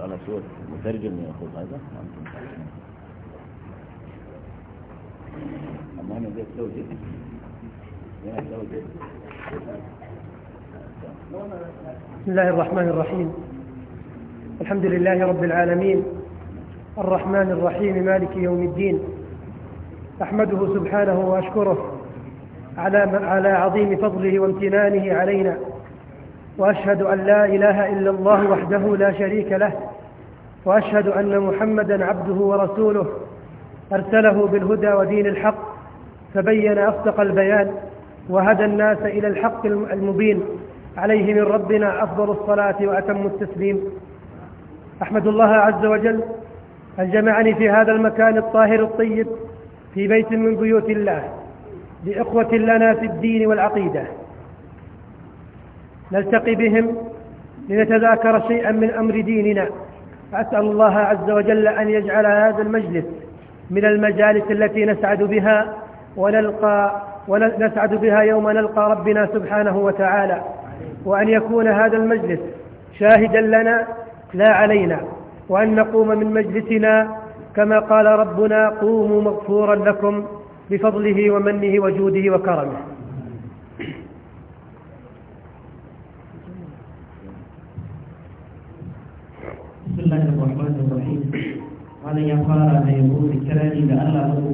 على صوت مترجم ياخذ هذا اما انا بسم الله الرحمن الرحيم الحمد لله رب العالمين الرحمن الرحيم مالك يوم الدين أحمده سبحانه وأشكره على على عظيم فضله وامتنانه علينا وأشهد أن لا إله إلا الله وحده لا شريك له وأشهد أن محمدا عبده ورسوله أرسله بالهدى ودين الحق فبين أصدق البيان وهدى الناس إلى الحق المبين عليه من ربنا أفضل الصلاة وأتم التسليم أحمد الله عز وجل أن جمعني في هذا المكان الطاهر الطيب في بيت من بيوت الله لإخوة لنا في الدين والعقيدة نلتقي بهم لنتذاكر شيئا من أمر ديننا أسأل الله عز وجل أن يجعل هذا المجلس من المجالس التي نسعد بها ونلقى ونسعد بها يوم نلقى ربنا سبحانه وتعالى وأن يكون هذا المجلس شاهدا لنا لا علينا وأن نقوم من مجلسنا كما قال ربنا قوموا مغفورا لكم بفضله ومنه وجوده وكرمه بسم الله الرحمن الرحيم قال يا فارا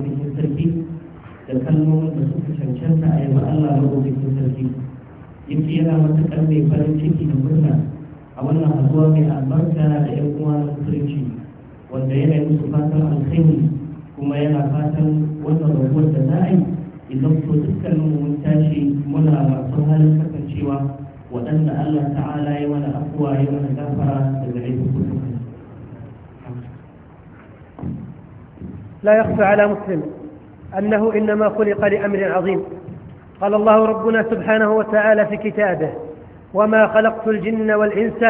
في التركي تكلم بصوت شمشمس ايضا الله في التركي يمشي الى متكلم فرنشيكي نقولنا اولا هو من البركه لانه هو فرنشي والدين يوسف kuma yana fatan wannan rabuwar da za a yi idan ko dukkanin mun tashi muna masu halin kasancewa waɗanda Allah ta'ala ya mana afuwa ya mana gafara daga laifukan لا يخفى على مسلم أنه إنما خلق لأمر عظيم قال الله ربنا سبحانه وتعالى في كتابه وما خلقت الجن والإنس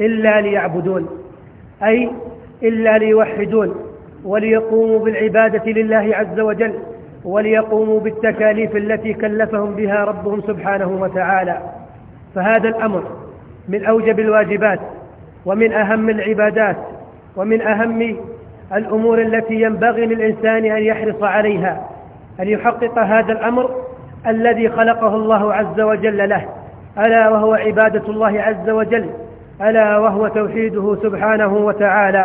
إلا ليعبدون أي إلا ليوحدون وليقوموا بالعبادة لله عز وجل وليقوموا بالتكاليف التي كلفهم بها ربهم سبحانه وتعالى فهذا الأمر من أوجب الواجبات ومن أهم العبادات ومن أهم الأمور التي ينبغي للإنسان أن يحرص عليها أن يحقق هذا الأمر الذي خلقه الله عز وجل له ألا وهو عبادة الله عز وجل ألا وهو توحيده سبحانه وتعالى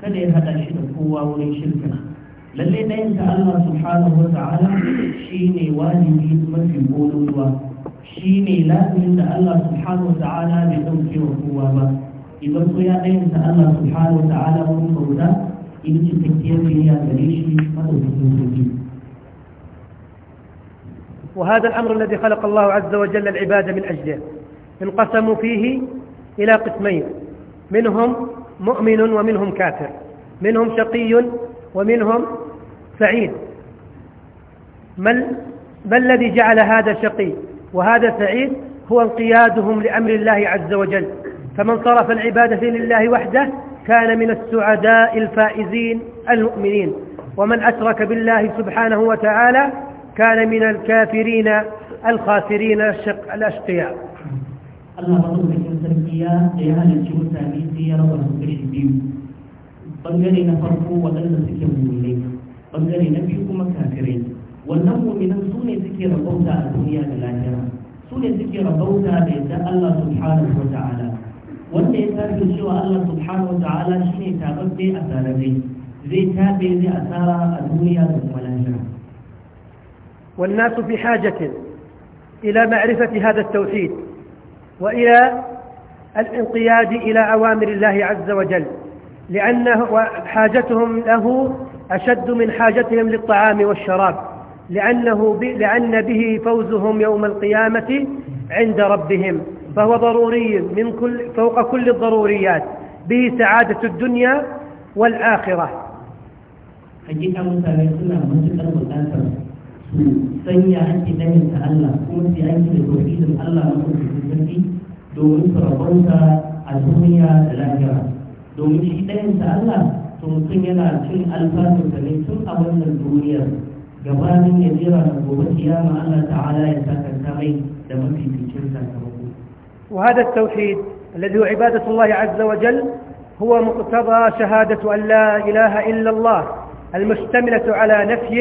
kada ya hada shi da kowa wurin shirka lalle da yanta Allah subhanahu wa ta'ala shi ne wajibi mafi ƙololuwa shi ne lafiyin da Allah subhanahu wa ta'ala bai ɗauke wa kowa ba idan ko ya ɗayin ta Allah subhanahu wa ta'ala wurin bauta in cikakkiyar biyayya gare shi madaukakin sarki وهذا الأمر الذي خلق الله عز وجل العبادة من أجله انقسموا فيه إلى قسمين منهم مؤمن ومنهم كافر منهم شقي ومنهم سعيد ما الذي جعل هذا شقي وهذا سعيد هو انقيادهم لأمر الله عز وجل فمن صرف العبادة لله وحده كان من السعداء الفائزين المؤمنين ومن أشرك بالله سبحانه وتعالى كان من الكافرين الخاسرين الأشقياء Allah madaukakin sarki ya da ya halarci mutane sai ya raba su kashi biyu bangare na farko waɗanda suke muminai bangare na biyu kuma kafirai wannan muminan su ne suke rabauta a duniya da lahira su ne suke rabauta da yadda Allah subhanahu wa ta'ala wanda ya tafi cewa Allah subhanahu wa ta'ala shine tababbe a sarare zai tabe zai asara a duniya da kuma lahira والناس في حاجة إلى معرفة هذا التوحيد وإلى الانقياد إلى أوامر الله عز وجل لأنه حاجتهم له أشد من حاجتهم للطعام والشراب لأنه لأن به فوزهم يوم القيامة عند ربهم فهو ضروري من كل فوق كل الضروريات به سعادة الدنيا والآخرة حقيقة sanya ake ganin ta Allah kuma sai an da tauhidin Allah na kuma sarki domin su rabauta a duniya da lahira domin shi ɗayan ta Allah to mutum yana cin alfanu da ne tun a wannan duniyar gabanin ya jira da gobe kiyama Allah ta'ala ya sakanta mai da mafi cikin sakamako وهذا التوحيد الذي هو عبادة الله عز وجل هو مقتضى شهادة أن لا إله إلا الله المشتملة على نفي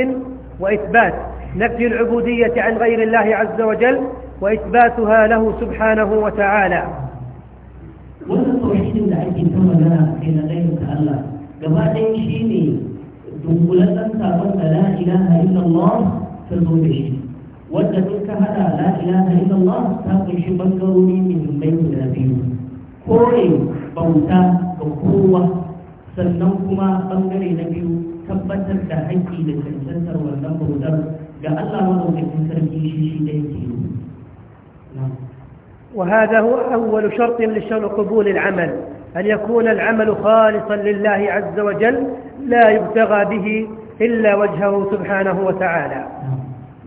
وإثبات نفي العبودية عن غير الله عز وجل وإثباتها له سبحانه وتعالى ولا التوحيد لا يمكن أن لا إله إلا الله جماعة لا إله إلا الله في الغبش والذين كهلا لا إله إلا الله تقش بقروني من بين الأبيون كوري بوتا بقوة سنوكما بقري نبيو تبتر تحكي لكي تنسر والنبو درس وهذا هو أول شرط لشرط قبول العمل أن يكون العمل خالصا لله عز وجل لا يبتغى به إلا وجهه سبحانه وتعالى نعم.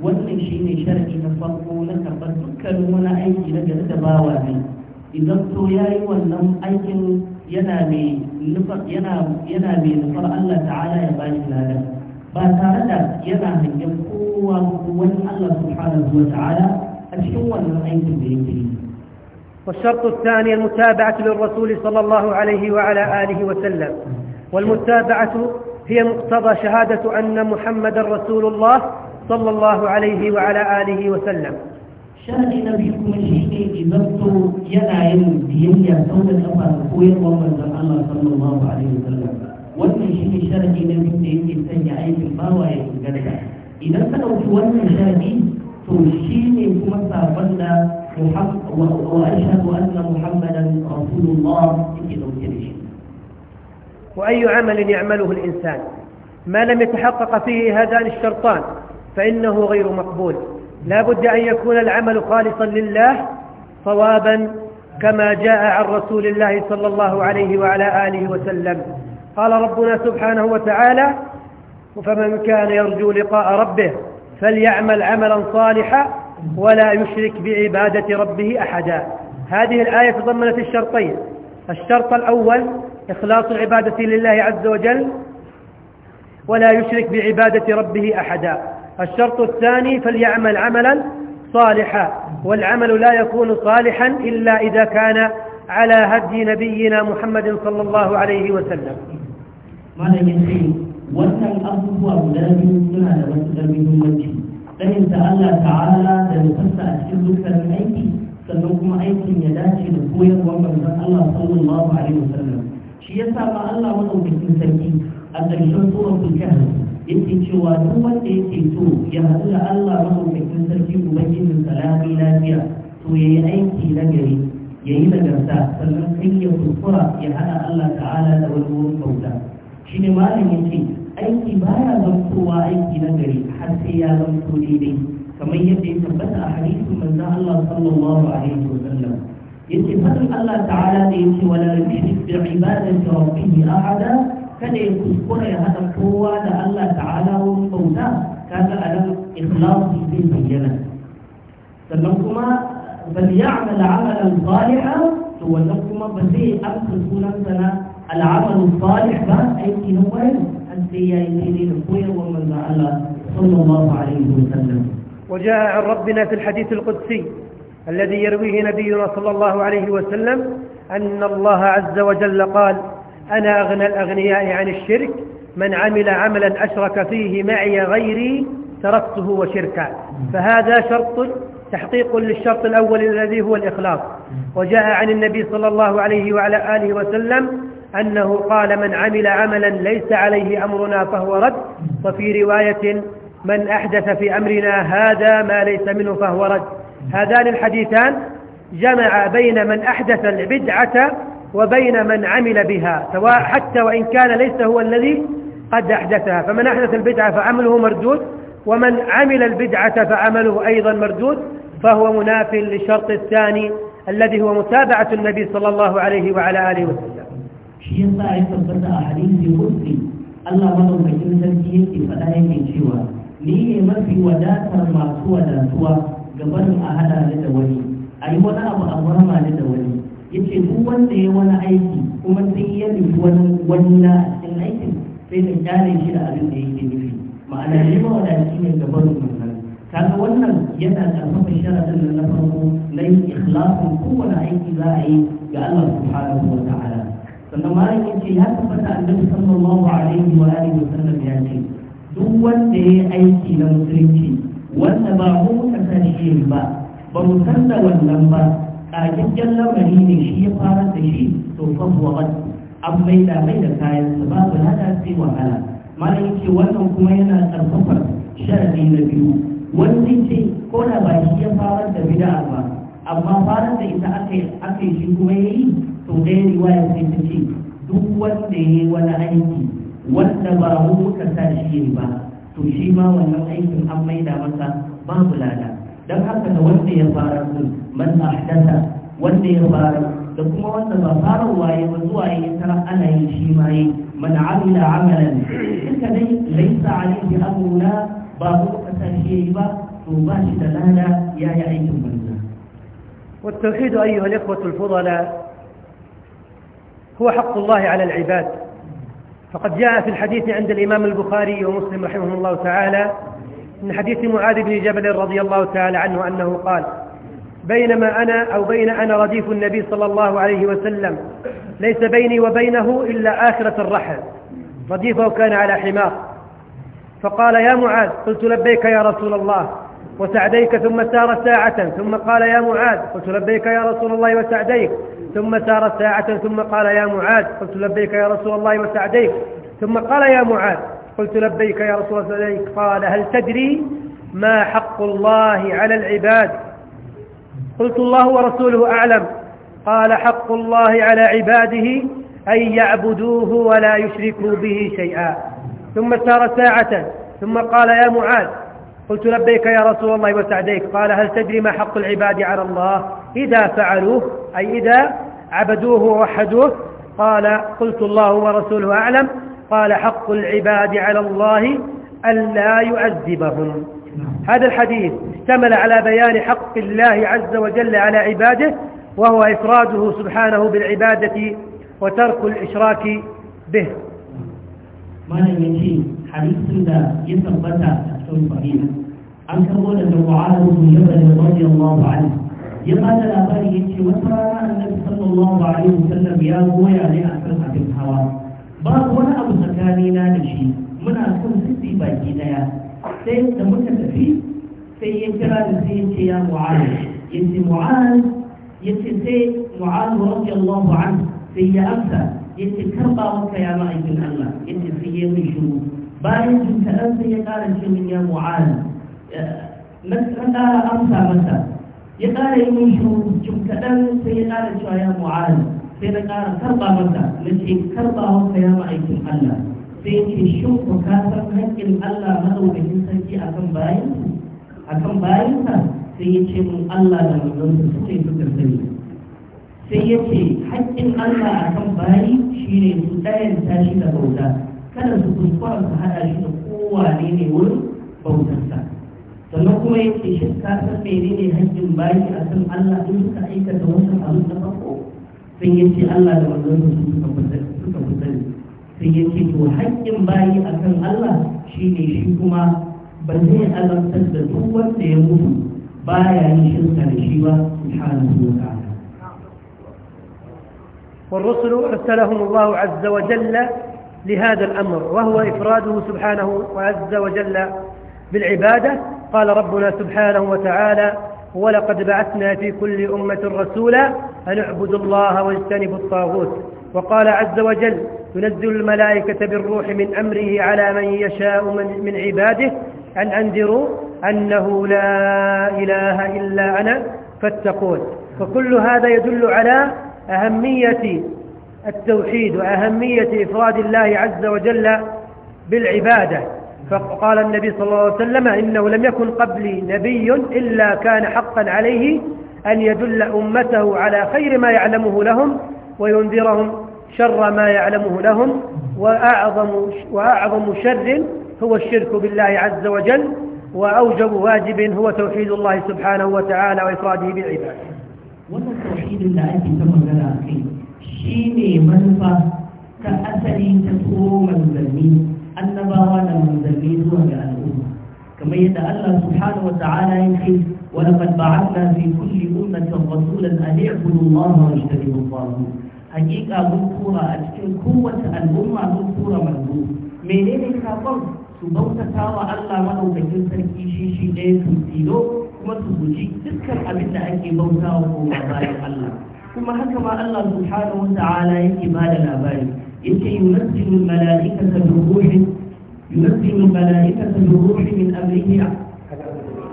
والنشين شرقي نفقه لك قد تكل من أيدي لك تباوه إذا الطياري والنم أيد ينابي نفق ينابي نفر الله تعالى يبالك لك ba tare da yana hangen kowa ko wani Allah subhanahu wa ta'ala a cikin wannan aikin da yake yi والشرط الثاني المتابعة للرسول صلى الله عليه وعلى آله وسلم والمتابعة هي مقتضى شهادة أن محمد رسول الله صلى الله عليه وعلى آله وسلم شأن نبيكم الشيء إذبت ينعم بيني صوت الأفضل قوية ومن الله صلى الله عليه وسلم wannan shi ne sharadi na da yake sanya aikin bawa ya idan ka ɗauki wannan sharadi to shi ne kuma sabon da وأي عمل يعمله الإنسان ما لم يتحقق فيه هذان الشرطان فإنه غير مقبول لا بد أن يكون العمل خالصا لله صوابا كما جاء عن رسول الله صلى الله عليه وعلى آله وسلم قال ربنا سبحانه وتعالى فمن كان يرجو لقاء ربه فليعمل عملا صالحا ولا يشرك بعبادة ربه أحدا هذه الآية تضمنت الشرطين الشرط الأول إخلاص العبادة لله عز وجل ولا يشرك بعبادة ربه أحدا الشرط الثاني فليعمل عملا صالحا والعمل لا يكون صالحا إلا إذا كان على هدي نبينا محمد صلى الله عليه وسلم malam ya ce wannan abubuwa guda biyu suna da matuƙar muhimmanci tsayin Allah ta'ala da nufarsa a cikin dukkanin aiki sannan kuma aikin ya dace da koyarwar manzon Allah sallallahu alaihi wasallam shi yasa ma Allah madaukakin sarki a ƙarshen suratul ya yake cewa duk wanda yake so ya haɗu da Allah mahaukakin sarki ubangijin salami lafiya to ya yi aiki na gari ya yi nagarta sannan kai ya kurkura ya haɗa Allah ta'ala da wani wurin bauta shi ne malamin ce aiki baya zamtowa aiki na gari har sai ya zamto daidai kamar yadda ya tabbata a hadisin manzon Allah sallallahu alaihi wa sallam yace fadin Allah ta'ala da yace wala yushrik bi ibadati rabbih ahada kada ya kuskura ya hada kowa da Allah ta'ala wa bauta kaga alam ikhlas zai bayyana sannan kuma bal ya'mal 'amalan salihan to wannan kuma ba zai amsa sunan sana العمل الصالح بس aiki هو kwarai har sai هو yi daidai da koyarwar manzon وجاء عن ربنا في الحديث القدسي الذي يرويه نبينا صلى الله عليه وسلم أن الله عز وجل قال أنا أغنى الأغنياء عن الشرك من عمل عملا أشرك فيه معي غيري تركته وشركه فهذا شرط تحقيق للشرط الأول الذي هو الإخلاص وجاء عن النبي صلى الله عليه وعلى آله وسلم أنه قال من عمل عملا ليس عليه أمرنا فهو رد وفي رواية من أحدث في أمرنا هذا ما ليس منه فهو رد هذان الحديثان جمع بين من أحدث البدعة وبين من عمل بها سواء حتى وإن كان ليس هو الذي قد أحدثها فمن أحدث البدعة فعمله مردود ومن عمل البدعة فعمله أيضا مردود فهو مناف للشرط الثاني الذي هو متابعة النبي صلى الله عليه وعلى آله وسلم shi sa ya tabbata a hadisi muslim Allah madaukakin sarki yake faɗa yake cewa ni ne mafi wadatar masu wadatuwa gaban a hada ni da wani a yi wani abu a gwama ni da wani yace duk wanda ya wani aiki kuma sai ya nufi wani wani na cikin aikin sai na gane shi da abin da yake nufi ma'ana shi ma wadaci ne gaban wannan kaga wannan yana karfafa sharadin na farko na yin ikhlasin kowane aiki za a yi ga Allah subhanahu wa ta'ala sannan malam ya ce ya tabbata annabi sallallahu alaihi wa alihi wa sallam ya ce duk wanda ya yi aiki na musulunci wanda ba mu muka san yin ba ba mu san da wannan ba kagaggen lamari ne shi ya fara da shi to fa huwa an mai da mai da kayan ba babu hada sai wahala malam ya ce wannan kuma yana karfafar sharadi na biyu wani ce ko da ba shi ya fara da bid'a ba amma fara da ita aka yi shi kuma ya yi to dai riwaya sai ta ce duk wanda ya yi wani aiki wanda ba mu muka sa shi ba to shi ma wannan aikin an maida masa babu lada don haka da wanda ya fara sun man ahdasa wanda ya fara da kuma wanda ba fara waye ba zuwa ya tara ana yi shi ma yi man amila amalan duka dai laisa alaihi amruna ba mu muka sa shi yayi ba to ba shi da lada ya yi aikin banza واتخذوا أيها الإخوة الفضلاء هو حق الله على العباد فقد جاء في الحديث عند الإمام البخاري ومسلم رحمه الله تعالى من حديث معاذ بن جبل رضي الله تعالى عنه أنه قال بينما أنا أو بين أنا رديف النبي صلى الله عليه وسلم ليس بيني وبينه إلا آخرة الرحل رديفه كان على حمار فقال يا معاذ قلت لبيك يا رسول الله وسعديك ثم سار ساعة ثم قال يا معاذ قلت لبيك يا رسول الله وسعديك ثم سار ساعة ثم قال يا معاذ قلت لبيك يا رسول الله وسعديك ثم قال يا معاذ قلت لبيك يا رسول الله وسعديك قال هل تدري ما حق الله على العباد قلت الله ورسوله أعلم قال حق الله على عباده أن يعبدوه ولا يشركوا به شيئا ثم سار ساعة ثم قال يا معاذ قلت لبيك يا رسول الله وسعديك قال هل تدري ما حق العباد على الله إذا فعلوه أي إذا عبدوه ووحدوه قال قلت الله ورسوله أعلم قال حق العباد على الله ألا يعذبهم هذا الحديث اشتمل على بيان حق الله عز وجل على عباده وهو إفراده سبحانه بالعبادة وترك الإشراك به malam ya ce hadisin da ya tabbata a cikin fahimta an karbo daga mu'adu bin jabal radiyallahu anhu ya bada labari ya ce wata rana annabi sallallahu alaihi wasallam ya goya ne a kan abin hawa babu wani abu tsakani na da shi muna kan sisi baki daya sai da muka tafi sai ya kira da sai ya ce ya mu'adu ya ce mu'adu ya ce sai mu'adu radiyallahu anhu sai ya amsa yace karba maka ya aikin Allah yace sai ya min shiru bayan kaɗan sai ya ƙara ce min ya mu'ala eh, na ƙara amsa masa ya ƙara yi min shiru jinkaɗan sai ya ƙara cewa ya mu'ala sai na ƙara karba masa na ce karba maka ya aikin Allah sai ya ce shin ku ka san haƙƙin Allah madaukakin sarki akan bayansa akan bayansa sai ya ce mun Allah da zan su suka yi suka sani sai ya ce haƙƙin Allah a kan bayi shi ne su ɗayan tashi da bauta kada su kuskura su haɗa shi da kowane ne wurin bautarsa sannan kuma ya ce shi ka san mene ne haƙƙin bayi a kan Allah in suka aikata wasu abu na farko sai ya ce Allah da manzon suka fi sani sai ya ce to haƙƙin bayi a kan Allah shi ne shi kuma ba zai azabtar da duk wanda ya mutu baya yin shirka da shi ba subhanahu wa ta'ala والرسل ارسلهم الله عز وجل لهذا الأمر وهو إفراده سبحانه عز وجل بالعبادة قال ربنا سبحانه وتعالى ولقد بعثنا في كل أمة رسولا أن اعبدوا الله واجتنبوا الطاغوت وقال عز وجل ينزل الملائكة بالروح من أمره على من يشاء من, من عباده أن أنذروا أنه لا إله إلا أنا فاتقون فكل هذا يدل على أهمية التوحيد وأهمية إفراد الله عز وجل بالعبادة فقال النبي صلى الله عليه وسلم إنه لم يكن قبلي نبي إلا كان حقا عليه أن يدل أمته على خير ما يعلمه لهم وينذرهم شر ما يعلمه لهم وأعظم, وأعظم شر هو الشرك بالله عز وجل وأوجب واجب هو توحيد الله سبحانه وتعالى وإفراده بالعباده wannan tauhidin da ake ta magana kai shi ne manufa ta asali ta turo manzanni annabawa da manzanni zuwa ga al'umma kamar yadda Allah subhanahu wa ta'ala ya ce ولقد بعثنا في كل أمة رسولا أن اعبدوا الله واجتنبوا الطاغوت mun من a cikin kowace al'umma من كورة منذور Menene كفر su bautata wa Allah maɗaukakin sarki shi shi ɗaya su kuma su guji dukkan abin da ake bauta wa koma bayan Allah kuma haka ma Allah subhanahu wa ta'ala yake ba da labari yake yunazzilu mala'ikata bi ruhi yunazzilu mala'ikata bi ruhi min amrihi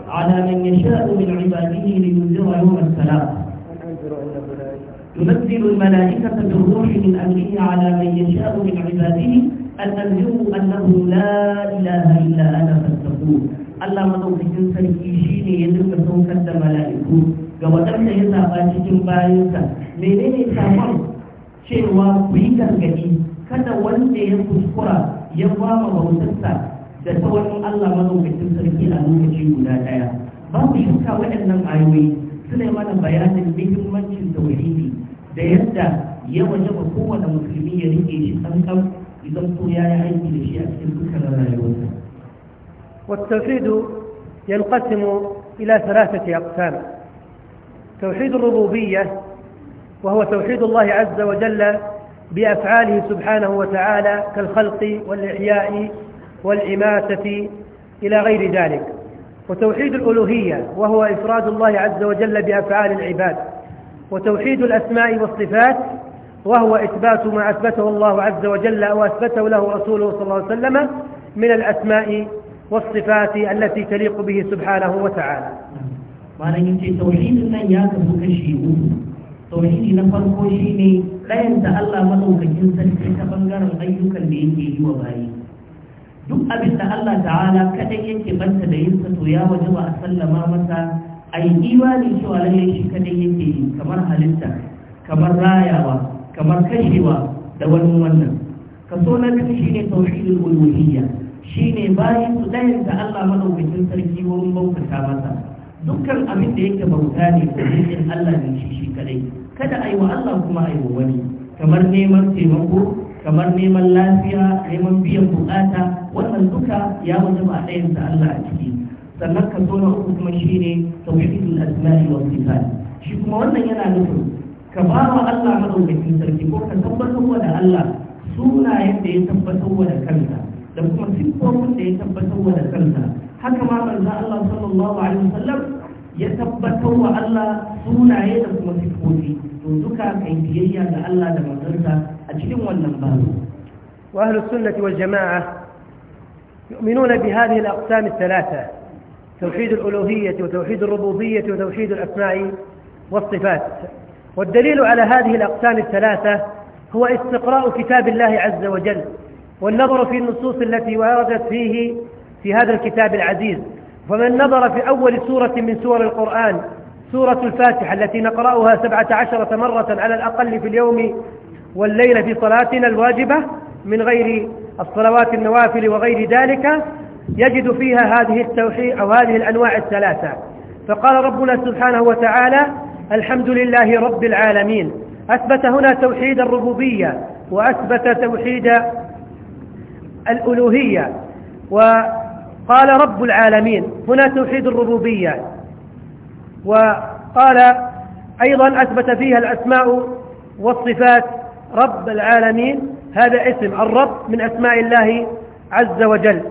ala man yasha'u min ibadihi li yunzira yawm as-salam ينزل الملائكة بالروح من أمره على من يشاء من عباده أن تنذروا أنه لا إله إلا أنا فاتقون Allah madaukakin sarki shi ne ya dinka saukar da mala'iku ga waɗanda ya zaba cikin bayansa menene samun cewa ku yi gargaɗi kada wanda ya kuskura ya kwama bautarsa da ta wani Allah madaukakin sarki a lokaci guda ɗaya Ba babu shuka waɗannan ayoyi suna mana bayanin muhimmancin tauhidi da yadda ya waje ba kowane musulmi ya rike shi tsankan idan ko ya yi aiki da shi a cikin dukkanin rayuwarsa والتوحيد ينقسم إلى ثلاثة أقسام توحيد الربوبية وهو توحيد الله عز وجل بأفعاله سبحانه وتعالى كالخلق والإحياء والإماتة إلى غير ذلك وتوحيد الألوهية وهو إفراد الله عز وجل بأفعال العباد وتوحيد الأسماء والصفات وهو إثبات ما أثبته الله عز وجل وأثبته له رسوله صلى الله عليه وسلم من الأسماء والصفات التي تليق به سبحانه وتعالى ما نجي توحيد nan ya kasu kashi uku tauhidi na farko shine ɗayan da Allah madaukakin sarki ta bangaren ayyukan da yake yi wa bayi duk abin da Allah ta'ala kadai yake banta da yin sa to ya ba a sallama masa ai imani cewa lalle shi kadai yake yi kamar halitta kamar rayawa kamar kashewa da wani wannan kaso na biyu shine tauhidul uluhiyya shi ne bayan su ɗayan da Allah madaukakin sarki wurin bautata masa dukkan abin da yake bauta ne ko yakin Allah ne shi shi kadai kada a yi wa Allah kuma a yi wa wani kamar neman taimako kamar neman lafiya neman biyan bukata wannan duka ya wata ba ɗayan da Allah a ciki sannan ka so na uku kuma shi ne tauhidul asma'i wa sifat shi kuma wannan yana nufin ka ba wa Allah madaukakin sarki ko ka tabbatar wa da Allah sunayen da ya tabbatar wa da kanka da kuma siffofin da ya tabbatar wa da kansa haka ma manzo Allah sallallahu alaihi wasallam ya tabbatar wa Allah sunaye da kuma siffofi to duka kai biyayya ga Allah da manzonsa a cikin wannan babu wa ahlus sunnati wal jama'a يؤمنون بهذه الأقسام الثلاثة توحيد الألوهية وتوحيد الربوبية وتوحيد الأسماء والصفات والدليل على هذه الأقسام الثلاثة هو استقراء كتاب الله عز وجل والنظر في النصوص التي وردت فيه في هذا الكتاب العزيز فمن نظر في أول سورة من سور القرآن سورة الفاتحة التي نقرأها سبعة عشرة مرة على الأقل في اليوم والليلة في صلاتنا الواجبة من غير الصلوات النوافل وغير ذلك يجد فيها هذه التوحيد أو هذه الأنواع الثلاثة فقال ربنا سبحانه وتعالى الحمد لله رب العالمين أثبت هنا توحيد الربوبية وأثبت توحيد الألوهية وقال رب العالمين هنا توحيد الربوبية وقال أيضا أثبت فيها الأسماء والصفات رب العالمين هذا اسم الرب من أسماء الله عز وجل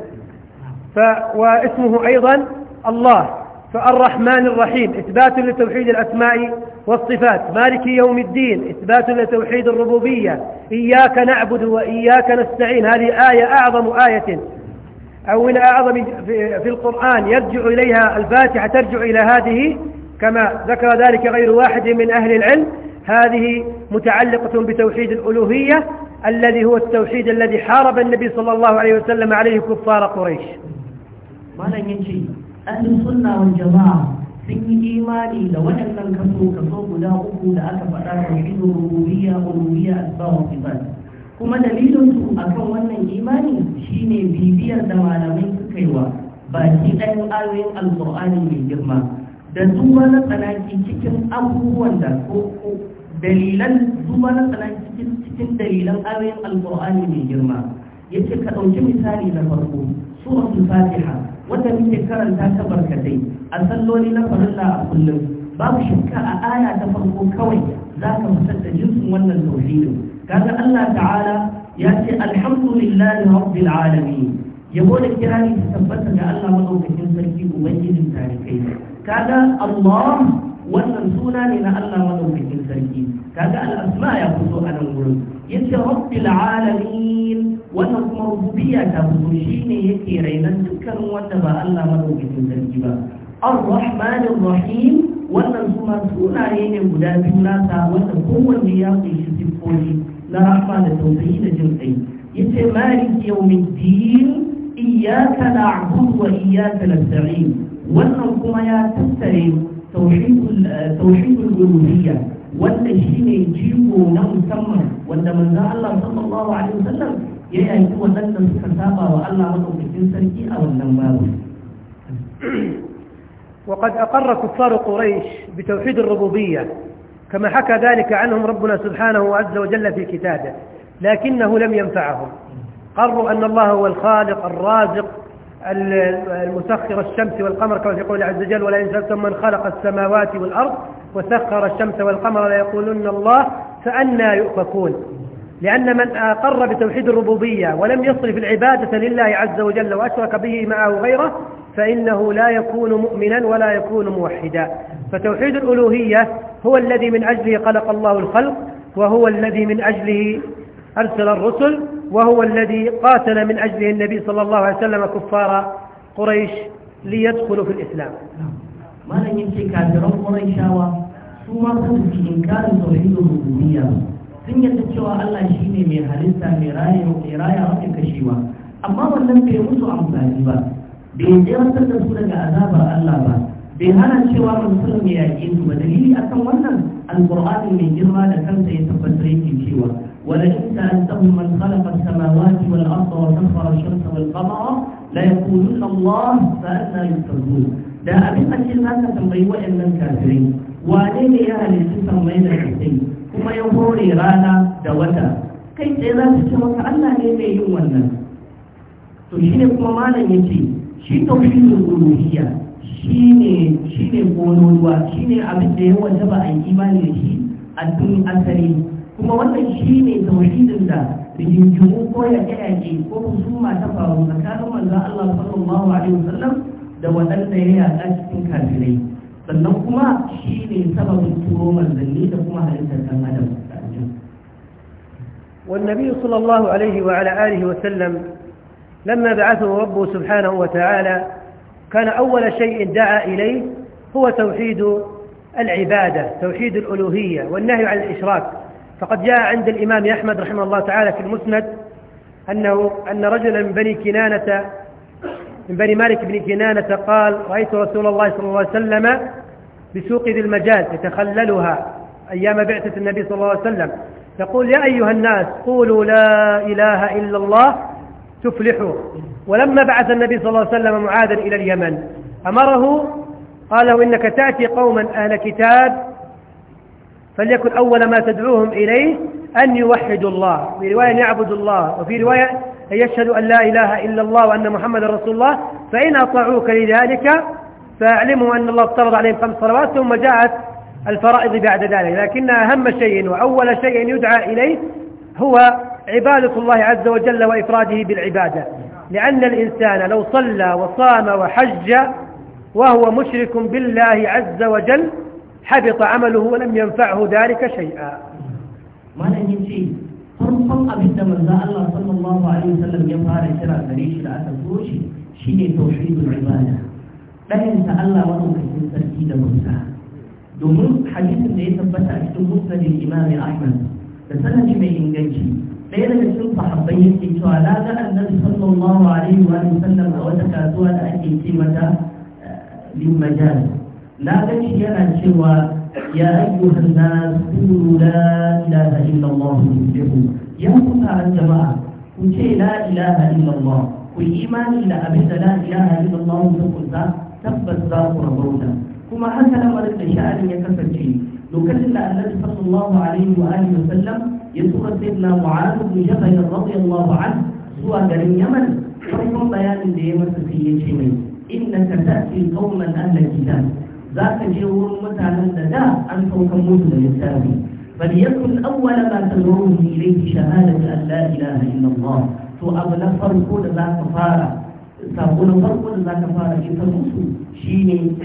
واسمه أيضا الله فالرحمن الرحيم إثبات لتوحيد الأسماء والصفات مالك يوم الدين إثبات لتوحيد الربوبية إياك نعبد وإياك نستعين هذه آية أعظم آية أو من أعظم في القرآن يرجع إليها الفاتحة ترجع إلى هذه كما ذكر ذلك غير واحد من أهل العلم هذه متعلقة بتوحيد الألوهية الذي هو التوحيد الذي حارب النبي صلى الله عليه وسلم عليه كفار قريش ما لا ينجي ahlus sunna wal jama'a sun yi imani da waɗannan kaso kaso guda uku da aka faɗa da shi rububiyya uluhiyya asba'u sifat kuma dalilin su akan wannan imani shine bibiyar da malamai suka yi wa baki ɗayan ayoyin alƙur'ani mai girma da duba na tsanaki cikin abubuwan da ko dalilan duba na tsanaki cikin dalilan ayoyin alƙur'ani mai girma yace ka ɗauki misali na farko suratul fatiha wanda muke karanta ta barkatai a salloli na farilla a kullum babu shakka a aya ta farko kawai za ka fitar da jinsin wannan tauhidin kaga Allah ta'ala ya ce alhamdulillahi rabbil alamin yabo da kirani ta tabbata ga Allah madaukakin sarki ubangijin tarikai kaga Allah wannan suna ne na Allah madaukakin sarki kaga al-asma ya fito a nan gurin yace rabbil alamin wannan kuma rububiyya ta fito shine yake rainan dukkan wanda ba Allah madaukakin sarki ba ar-rahman rahim wannan kuma sunaye ne guda biyu nasa wanda kowanne ya kunshi siffofi na rahma da tausayi da jin kai yace malik yawmiddin iyyaka na'budu wa iyyaka nasta'in wannan kuma ya tattare توحيد توحيد الالوهيه والذين يجيبوا نوم سمع وان من ذا الله صلى الله عليه وسلم يعني هو ذات الكتابة وألا رضو بكين سرقي أو النمار وقد أقر كفار قريش بتوحيد الربوبية كما حكى ذلك عنهم ربنا سبحانه عز وجل في كتابه لكنه لم ينفعهم قروا أن الله هو الخالق الرازق المسخر الشمس والقمر كما يقول عز وجل ولا إن من خلق السماوات والأرض وسخر الشمس والقمر ليقولن الله فأنا يؤفكون لأن من أقر بتوحيد الربوبية ولم يصرف العبادة لله عز وجل وأشرك به معه غيره فإنه لا يكون مؤمنا ولا يكون موحدا فتوحيد الألوهية هو الذي من أجله خلق الله الخلق وهو الذي من أجله أرسل الرسل وهو الذي قاتل من أجله النبي صلى الله عليه وسلم كفار قريش ليدخلوا في الإسلام ما لن يمسك عجرون قريشا ثم قد في إنكار توحيد الربوبية ألا شيني من حلسة مرايا وإرايا ربك شيوى أما من لم يمسوا عن ذلك بإنجرة تسولك عذاب الله بس بهذا الشيء وأنا سلم يا جن ودليل أتمنى القرآن من جرى لكم سيتفسري في شوى ولئن سألتهم من خلق السماوات والأرض وسخر الشمس والقمر ليقولن الله فأنا يفرجون ده أبي قتل ماذا تنبي وإن الكافرين وأنا يا أهل السفر من الحسين ثم يقول رانا دوتا كيف إذا تشوك ألا هم يوم الناس تشينك ممالا يجي شيء توحيد الألوهية Shi ne gonoruwa shine abin da ya wata ba a imani da shi a duniya asali kuma wannan shi ne tauhidin da rigingimu ko ya yaƙe ko husuma ta faru tsakanin manzon Allah sallallahu alaihi wasallam da waɗanda ya yaƙa cikin kafirai sannan kuma shi ne sababin turo manzanni da kuma halittar kan adam والنبي صلى الله عليه وعلى آله وسلم لما بعثه ربه سبحانه وتعالى كان أول شيء دعا إليه هو توحيد العبادة توحيد الألوهية والنهي عن الإشراك فقد جاء عند الإمام أحمد رحمه الله تعالى في المسند أنه أن رجلا من بني كنانة من بني مالك بن كنانة قال رأيت رسول الله صلى الله عليه وسلم بسوق ذي المجال يتخللها أيام بعثة النبي صلى الله عليه وسلم يقول يا أيها الناس قولوا لا إله إلا الله تفلحوا ولما بعث النبي صلى الله عليه وسلم معاذا إلى اليمن أمره قال له إنك تأتي قوما أهل كتاب فليكن أول ما تدعوهم إليه أن يوحدوا الله في رواية أن يعبدوا الله وفي رواية أن يشهدوا أن لا إله إلا الله وأن محمدا رسول الله فإن أطاعوك لذلك فاعلموا أن الله افترض عليهم خمس صلوات ثم جاءت الفرائض بعد ذلك لكن أهم شيء وأول شيء يدعى إليه هو عبادة الله عز وجل وإفراده بالعبادة لأن الإنسان لو صلى وصام وحج وهو مشرك بالله عز وجل حبط عمله ولم ينفعه ذلك شيئا ما نجيسي فرصاً من ذا الله صلى الله عليه وسلم يفعل سرع بريش لا توحيد العبادة لكن سأل الله وضعك في التركيد مرسا حديث ليس بسعش دمون للإمام أحمد فسنجي من إنجاجي ɗaya daga cikin sahabbai yake cewa na ga annabi sallallahu alaihi wa sallam a wata kasuwa da ake ce mata min eh, majal na ga shi yana cewa ya ayyuhan nas qulu la ilaha illa allah tuflihu ya ku taron jama'a ku ce la ilaha illa allah ku yi imani da abin da la ilaha illa allah ta kunta tabbas za ku rabauta kuma haka lamarin da sha'anin ya kasance نكلم أن النبي صلى الله عليه وآله وسلم يسوع سيدنا معاذ بن جبل رضي الله عنه سوى دار اليمن فيقول بيان ديما سفي يجيمين إنك تأتي قوما أهل الكتاب ذاك جيرون متعلم لدى أن فوكم مدن يستاذي فليكن أول ما تدعوني إليه شهادة أن لا إله إلا الله سوى فأبلغ فرقود ذاك فارق sako na farko da za ka fara ta musu shine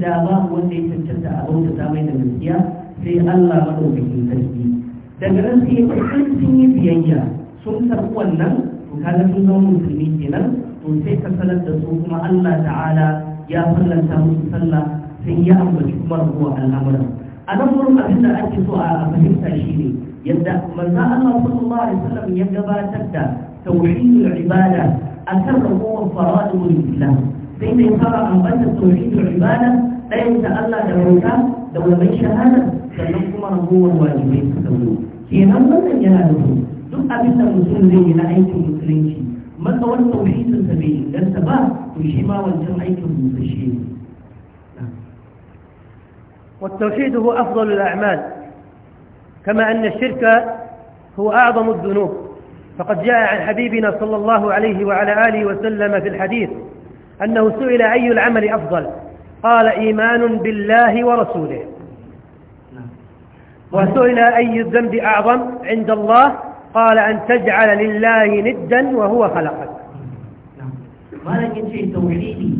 da babu wanda ya cancanta a bauta mai da gaskiya sai Allah madaukakin sarki daga nan sai in sun yi biyayya sun san wannan to kaga sun zama musulmi kenan to sai ka sanar da su kuma Allah ta'ala ya sallanta musu sallah sai ya ambaci kuma rabuwa al'amuran a nan wurin abin da ake so a fahimta shi ne, yadda manzo Allah sallallahu alaihi wasallam ya gabatar da tauhidul ibada الفرق هو فرائض الإسلام فإن يفرع عن بند التوحيد والعبادة لا يتألى دولتا دولة بين شهادة فلنقم ربو الواجبين تدولو نظر من يناله دق أبدا مسلم زي لا لأيك المسلمين ما هو التوحيد السبيل لسبا تشيما والجمع أيك المسلمين والتوحيد هو أفضل الأعمال كما أن الشرك هو أعظم الذنوب فقد جاء عن حبيبنا صلى الله عليه وعلى آله وسلم في الحديث أنه سئل أي العمل أفضل قال إيمان بالله ورسوله نعم. وسئل أي الذنب أعظم عند الله قال أن تجعل لله ندا وهو خلقك نعم. ولكن شيء توحيدي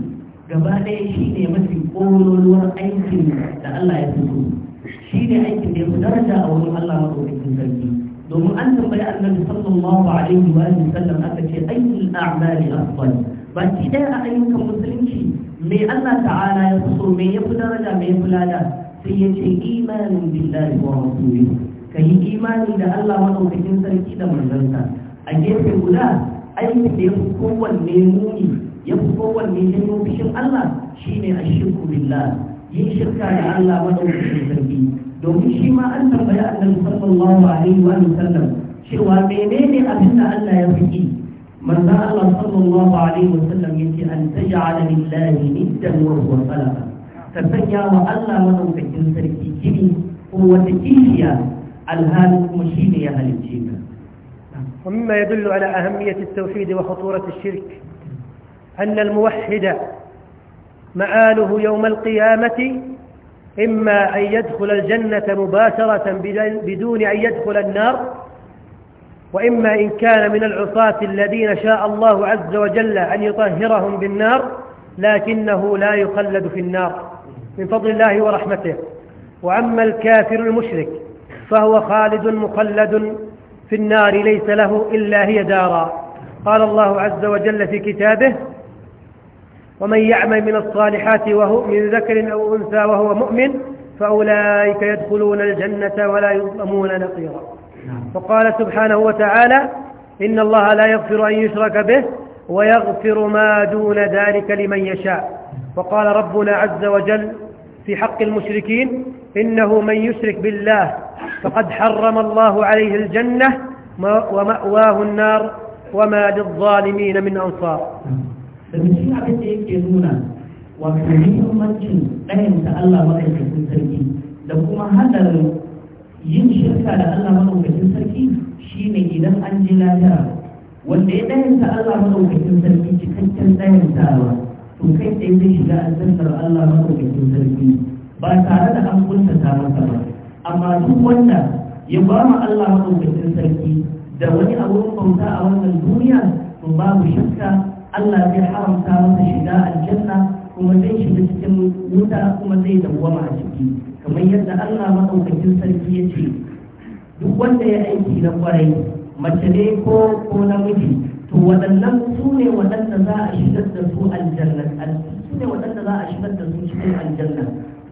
tauhidi شيء ɗaya shi ne mafi ƙololuwar aikin شيء Allah ya fito shi الله aikin da ya fi domin an tambayi annabi sallallahu alaihi wa sallam aka ce ayyul a'mali afdal baki daya a ayyukan musulunci me Allah ta'ala ya so me ya fi daraja me ya fi lada sai ya ce imanin billahi wa Ka yi imani da Allah madaukakin sarki da manzansa a gefe guda aiki da ya fi kowanne muni ya fi kowanne janyo fushin Allah shine ashirku billah yin shirka da Allah madaukakin sarki domin shi ma an tambaya annabi sallallahu alaihi wa sallam shi cewa menene abin da Allah ya fiki manzo Allah sallallahu alaihi wa sallam yace an taj'ala lillahi niddan wa huwa khalaqa ka sanya wa Allah madaukakin sarki kini ko wata kishiya alhali kuma shi ne ya halicce ka ومما يدل على أهمية التوحيد وخطورة الشرك أن الموحد مآله يوم القيامة إما أن يدخل الجنة مباشرة بدون أن يدخل النار وإما إن كان من العصاة الذين شاء الله عز وجل أن يطهرهم بالنار لكنه لا يخلد في النار من فضل الله ورحمته وأما الكافر المشرك فهو خالد مخلد في النار ليس له إلا هي دارا قال الله عز وجل في كتابه ومن يعمل من الصالحات وهو من ذكر أو أنثى وهو مؤمن فأولئك يدخلون الجنة ولا يظلمون نقيرا وقال سبحانه وتعالى إن الله لا يغفر أن يشرك به ويغفر ما دون ذلك لمن يشاء وقال ربنا عز وجل في حق المشركين إنه من يشرك بالله فقد حرم الله عليه الجنة ومأواه النار وما للظالمين من أنصار daga cikin abin da yake nuna wato muhimmancin ɗayan ta Allah maɗaukacin sarki da kuma haɗarin yin shirka da Allah maɗaukacin sarki shine idan an ji lahira wanda ya ɗayan da Allah maɗaukacin sarki cikakken ɗayan tawa to kai tsaye zai shiga aljannar Allah maɗaukacin sarki ba tare da an ta masa ba amma duk wanda ya ba mu Allah maɗaukacin sarki da wani abun bauta a wannan duniya to babu shakka Allah zai haramta masa shiga aljanna kuma zai shiga cikin wuta kuma zai dawwama a ciki kamar yadda Allah maɗaukakin sarki ya ce duk wanda ya aiki na kwarai mace ne ko ko namiji to waɗannan su ne waɗanda za a shigar da su aljanna su ne waɗanda za a shigar da su cikin aljanna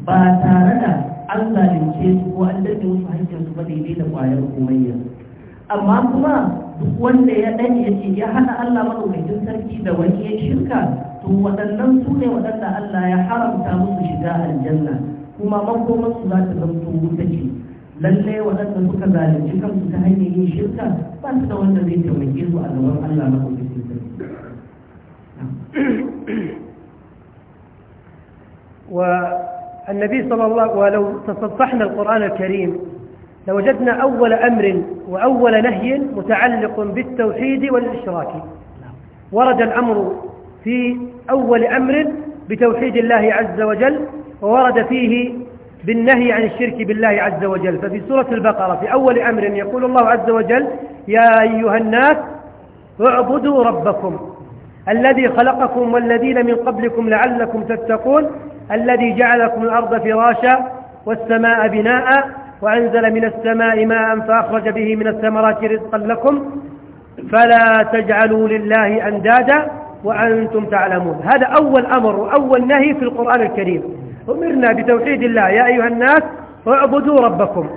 ba tare da an zalunce su ko an daɗe musu haƙƙinsu ba daidai da ƙwayar komayya amma kuma wanda ya dan ya ce ya hana Allah maɗaukakin sarki da wani ya shirka to waɗannan su ne waɗanda Allah ya haramta musu shiga aljanna kuma makomansu za ta zanto wuta ce lalle waɗanda suka zalunci kansu ta hanyar yin shirka ba su da wanda zai taimake su a gaban Allah maɗaukakin sarki والنبي صلى الله ولو تصفحنا القرآن الكريم لوجدنا أول أمر وأول نهي متعلق بالتوحيد والإشراك ورد الأمر في أول أمر بتوحيد الله عز وجل وورد فيه بالنهي عن الشرك بالله عز وجل ففي سورة البقرة في أول أمر يقول الله عز وجل يا أيها الناس اعبدوا ربكم الذي خلقكم والذين من قبلكم لعلكم تتقون الذي جعلكم الأرض فراشا والسماء بناء وأنزل من السماء ماء فأخرج به من الثمرات رزقا لكم فلا تجعلوا لله أندادا وأنتم تعلمون هذا أول أمر وأول نهي في القرآن الكريم أمرنا بتوحيد الله يا أيها الناس اعبدوا ربكم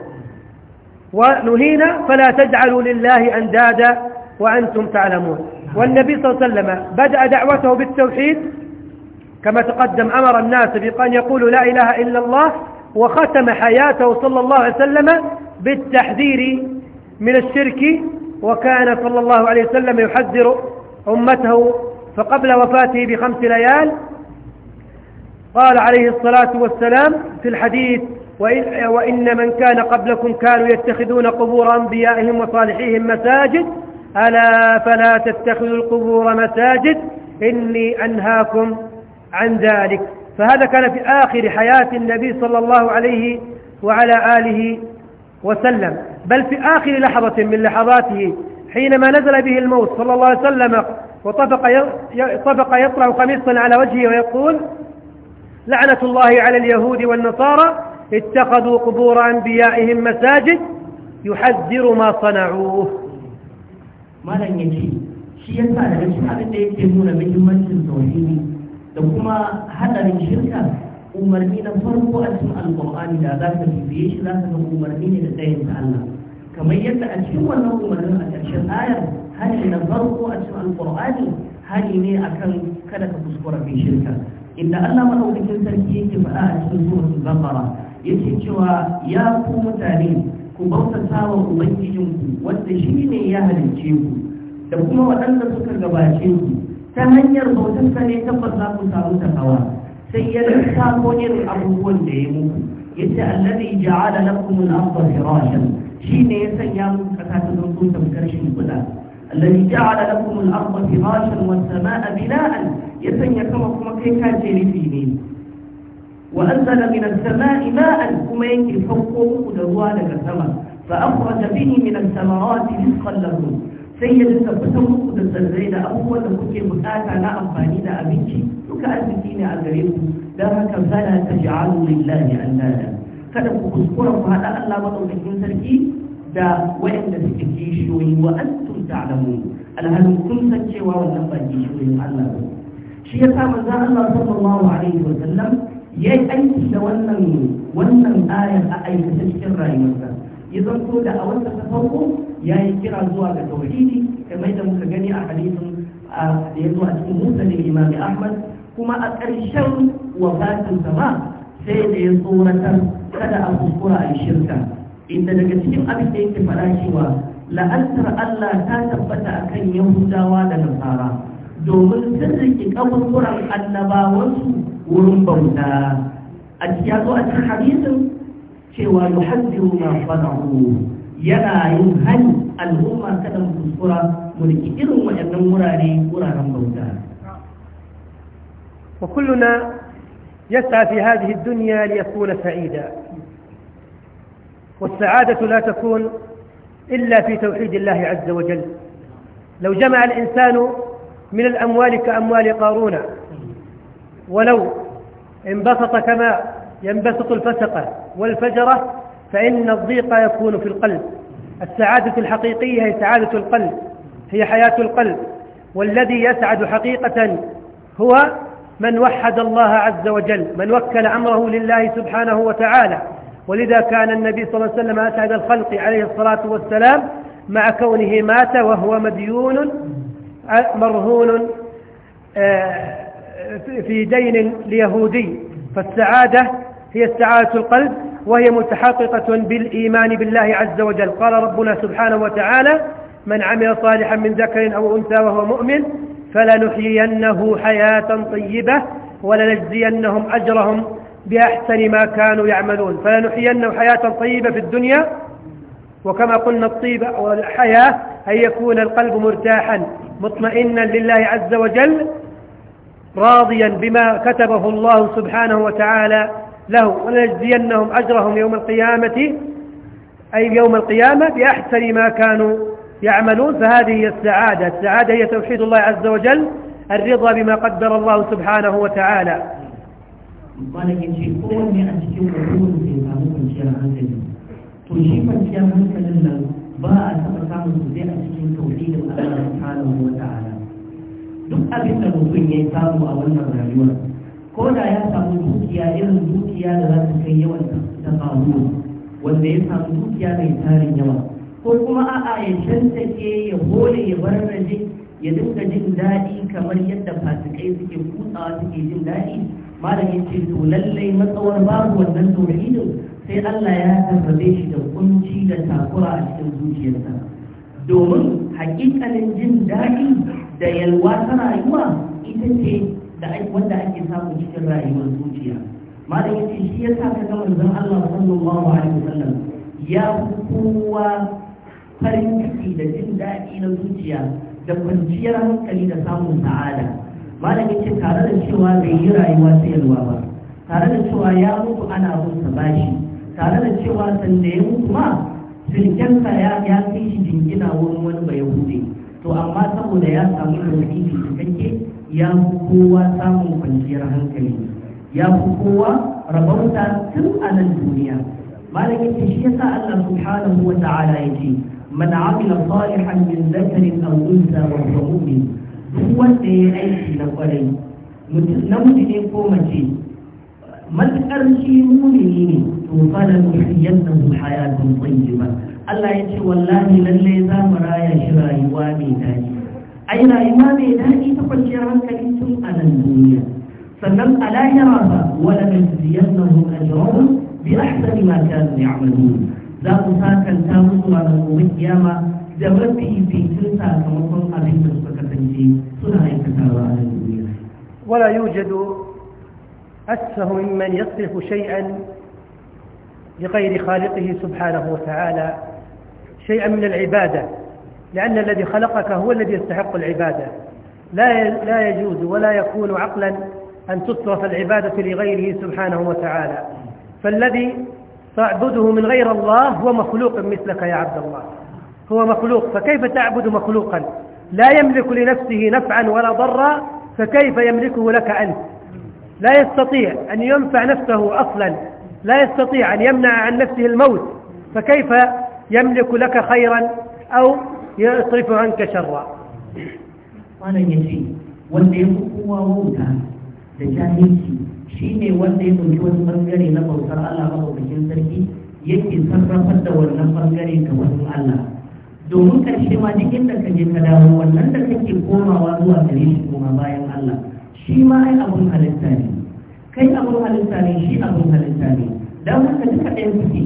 ونهينا فلا تجعلوا لله أندادا وأنتم تعلمون والنبي صلى الله عليه وسلم بدأ دعوته بالتوحيد كما تقدم أمر الناس بأن يقولوا لا إله إلا الله وختم حياته صلى الله عليه وسلم بالتحذير من الشرك وكان صلى الله عليه وسلم يحذر أمته فقبل وفاته بخمس ليال قال عليه الصلاة والسلام في الحديث وإن, وإن من كان قبلكم كانوا يتخذون قبور أنبيائهم وصالحيهم مساجد ألا فلا تتخذوا القبور مساجد إني أنهاكم عن ذلك فهذا كان في آخر حياة النبي صلى الله عليه وعلى آله وسلم بل في آخر لحظة من لحظاته حينما نزل به الموت صلى الله عليه وسلم وطفق يطلع قميصا على وجهه ويقول لعنة الله على اليهود والنصارى اتخذوا قبور أنبيائهم مساجد يحذر ما صنعوه ما لن يجي شيء فعلا لك هذا يجب أن يكون مهمة التوحيد da kuma hadarin shirka umarni na farko a cikin alƙur'ani da za ka bibiye shi za ka ga umarni ne da tsayin ta Allah kamar yadda a cikin wannan umarnin a ƙarshen ayar hari na farko a cikin alƙur'ani hari ne akan kada ka kuskura kai shirka inda Allah madaukakin sarki yake faɗa a cikin suratul baqara yake cewa ya ku mutane ku bauta wa ubangijinku wanda shi ne ya halicce ku da kuma waɗanda suka gabace ku ta hanyar bautarsa ne tabbas za ku samu takawa sai ya lissafo irin abubuwan da ya muku ya ce allazi ja'ala lakum al-ardha firashan shine ya sanya muku kasa ta zanto tamkar shimfiɗa allazi ja'ala lakum al-ardha firashan was samaa bina'an ya sanya kama kuma kai ka ce rufi ne wa anzala min as-samaa'i ma'an kuma yake sauko muku da ruwa daga sama fa akhraja bihi min as-samarati rizqan lakum sai ya dinga fitan muku da tsirrai da abubuwan da kuke bukata na amfani da abinci duka arziki ne a gare ku don haka fala ta ji'alu lillahi annada kada ku kuskura ku haɗa Allah madaukakin sarki da wayanda suke kishiyoyi wa antum ta'alamu alhalin kun san cewa wannan ba kishiyoyin Allah ba shi ya sa manzon Allah sallallahu alaihi wa sallam ya aiki da wannan wannan ayar a aikata cikin rayuwarsa ya zanto da a wata ta farko ya yi kira zuwa ga tauhidi kamar yadda muka gani a hadisin da ya zo a cikin musulun imami ahmad kuma a ƙarshen wafatin sama sai da ya tsoratar kada a kuskura a shirka inda daga cikin abin da yake fara cewa la'antar allah ta tabbata a kan yahudawa da nasara domin sun rike kaburburan annabawansu wurin bauta a cikin hadisin cewa yuhaddiru ma yana yin hali al'umma kada mu kuskura mulki irin waɗannan wurare wuraren bauta wa kulluna yas'a fi hadhihi ad-dunya li yakuna sa'ida sa'adatu والسعادة لا تكون إلا في توحيد الله عز وجل لو جمع الإنسان من الأموال كأموال قارون ولو انبسط كما ينبسط الفسقة والفجرة فإن الضيق يكون في القلب السعادة الحقيقية هي سعادة القلب هي حياة القلب والذي يسعد حقيقة هو من وحد الله عز وجل من وكل أمره لله سبحانه وتعالى ولذا كان النبي صلى الله عليه وسلم أسعد الخلق عليه الصلاة والسلام مع كونه مات وهو مديون آه، مرهون آه، في دين ليهودي فالسعادة هي السعادة القلب وهي متحققة بالإيمان بالله عز وجل قال ربنا سبحانه وتعالى من عمل صالحا من ذكر أو أنثى وهو مؤمن فلنحيينه حياة طيبة ولنجزينهم أجرهم بأحسن ما كانوا يعملون فلنحيينه حياة طيبة في الدنيا وكما قلنا الطيبة والحياة أن يكون القلب مرتاحا مطمئنا لله عز وجل راضيا بما كتبه الله سبحانه وتعالى له ولنجزينهم اجرهم يوم القيامه اي يوم القيامه باحسن ما كانوا يعملون فهذه هي السعاده السعاده هي توحيد الله عز وجل الرضا بما قدر الله سبحانه وتعالى duk abin da mutum ya ko da ya samu dukiya irin dukiya da za ta kai yawan ta samu wanda ya samu dukiya mai tarin yawa ko kuma a'a ya shantake ya hole ya bar raje ya dinga jin daɗi kamar yadda fasikai suke kutsawa suke jin daɗi malam ya ce to lallai matsawar babu wannan tauhidin sai Allah ya tarbabe shi da kunci da takura a cikin zuciyarsa domin hakikalin jin daɗi da yalwa ta rayuwa ita ce da wanda ake samu cikin rayuwar zuciya malam yace shi ya sa ka ga manzon Allah sallallahu alaihi wasallam ya kowa farin ciki da jin daɗi na zuciya da kwanciyar hankali da samun sa'ada malam yace tare da cewa bai yi rayuwa sayarwa ba tare da cewa ya mutu ana bin sa bashi tare da cewa sanda ya mutu ma jirginsa ya ya kai shi jingina wurin wani bai hude to amma saboda ya samu da tauhidi cikakke ya fi kowa samun kwanciyar hankali ya fi kowa rabauta tun a nan duniya malamin ta shi yasa Allah subhanahu wa ta'ala yake man amila salihan min zakarin aw unsa wa huwa mu'min duk wanda ya aiki na kwarai mutum namiji ne ko mace matukar shi mumini ne to fala nuhyiyannahu hayatun tayyiba Allah ya ce wallahi lalle za mu raya shi rayuwa mai daɗi أي إمام إلهي فقد جرك إنتم على الدنيا فلم ألا يراها ولم أجرهم بأحسن ما كانوا يعملون ذاك ساكا تامس على يوم القيامة جبرت به في تلسا كمصر أبي تسبك تنجي سنعي على الدنيا ولا يوجد أسه ممن يصرف شيئا لغير خالقه سبحانه وتعالى شيئا من العباده لأن الذي خلقك هو الذي يستحق العبادة لا لا يجوز ولا يكون عقلا أن تصرف العبادة لغيره سبحانه وتعالى فالذي تعبده من غير الله هو مخلوق مثلك يا عبد الله هو مخلوق فكيف تعبد مخلوقا لا يملك لنفسه نفعا ولا ضرا فكيف يملكه لك أنت لا يستطيع أن ينفع نفسه أصلا لا يستطيع أن يمنع عن نفسه الموت فكيف يملك لك خيرا أو يصرف عنك شرا قال يجي wanda ya fi kowa wuta da jahilci shine wanda ya ɗauki wani bangare na bautar Allah maɗaukakin sarki yake sarrafar da wannan bangare ga wasu Allah domin karshe ma duk inda ka je ka dawo wannan da kake komawa zuwa gare shi kuma bayan Allah shi ma ai abun halitta ne kai abun halitta ne shi abun halitta ne dan ka duka ɗaya kuke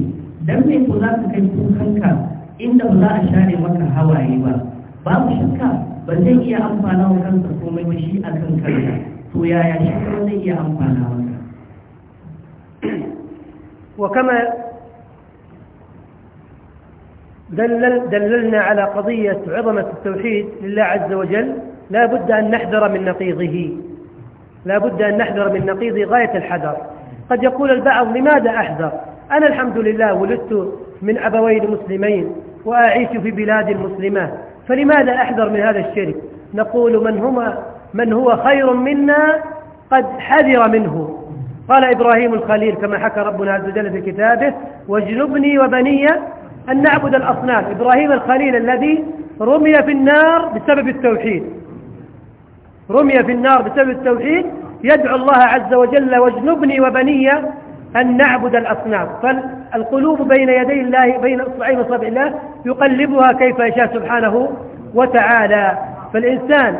don me ku za ka kai kukanka inda ba za a share maka hawaye ba babu shakka ba zai iya amfana wa kansa komai ba shi a kan kansa to yaya shi kuma zai iya amfana وكما دللنا على قضية عظمة التوحيد لله عز وجل لا بد أن نحذر من نقيضه لا بد أن نحذر من نقيض غاية الحذر قد يقول البعض لماذا أحذر أنا الحمد لله ولدت من أبوين مسلمين وأعيش في بلاد المسلمات فلماذا أحذر من هذا الشرك نقول من, هما من هو خير منا قد حذر منه قال إبراهيم الخليل كما حكى ربنا عز وجل في كتابه واجنبني وبني أن نعبد الأصنام إبراهيم الخليل الذي رمي في النار بسبب التوحيد رمي في النار بسبب التوحيد يدعو الله عز وجل واجنبني وبني أن نعبد الأصنام فالقلوب بين يدي الله بين أصبعين أصابع الله يقلبها كيف يشاء سبحانه وتعالى فالإنسان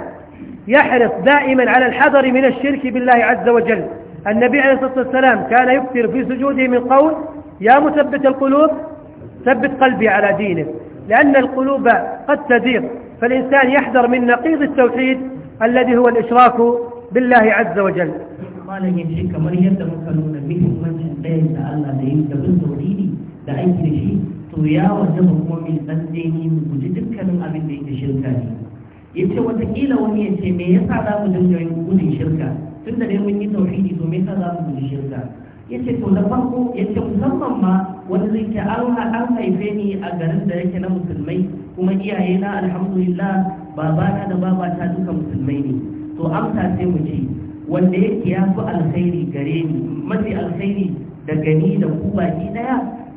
يحرص دائما على الحذر من الشرك بالله عز وجل النبي عليه الصلاة والسلام كان يكثر في سجوده من قول يا مثبت القلوب ثبت قلبي على دينه لأن القلوب قد تزيغ فالإنسان يحذر من نقيض التوحيد الذي هو الإشراك بالله عز وجل malam ya ce kamar yadda muka nuna muhimmancin ɗayan da Allah da yin da bin da aiki da shi to ya wanda ba kuma mai tsantseni mu guji dukkanin abin da yake shirka ne ya ce watakila wani ya ce me yasa za mu dinga yin gudun shirka tun da dai mun yi tauhidi to me sa za mu guji shirka ya ce to da farko ya ce musamman ma wani zai ce an haife ni a garin da yake na musulmai kuma iyayena alhamdulillah babana da babata duka musulmai ne to amsa sai mu ce wanda yake ya fi alkhairi gare ni mafi alkhairi da gani da ku baki daya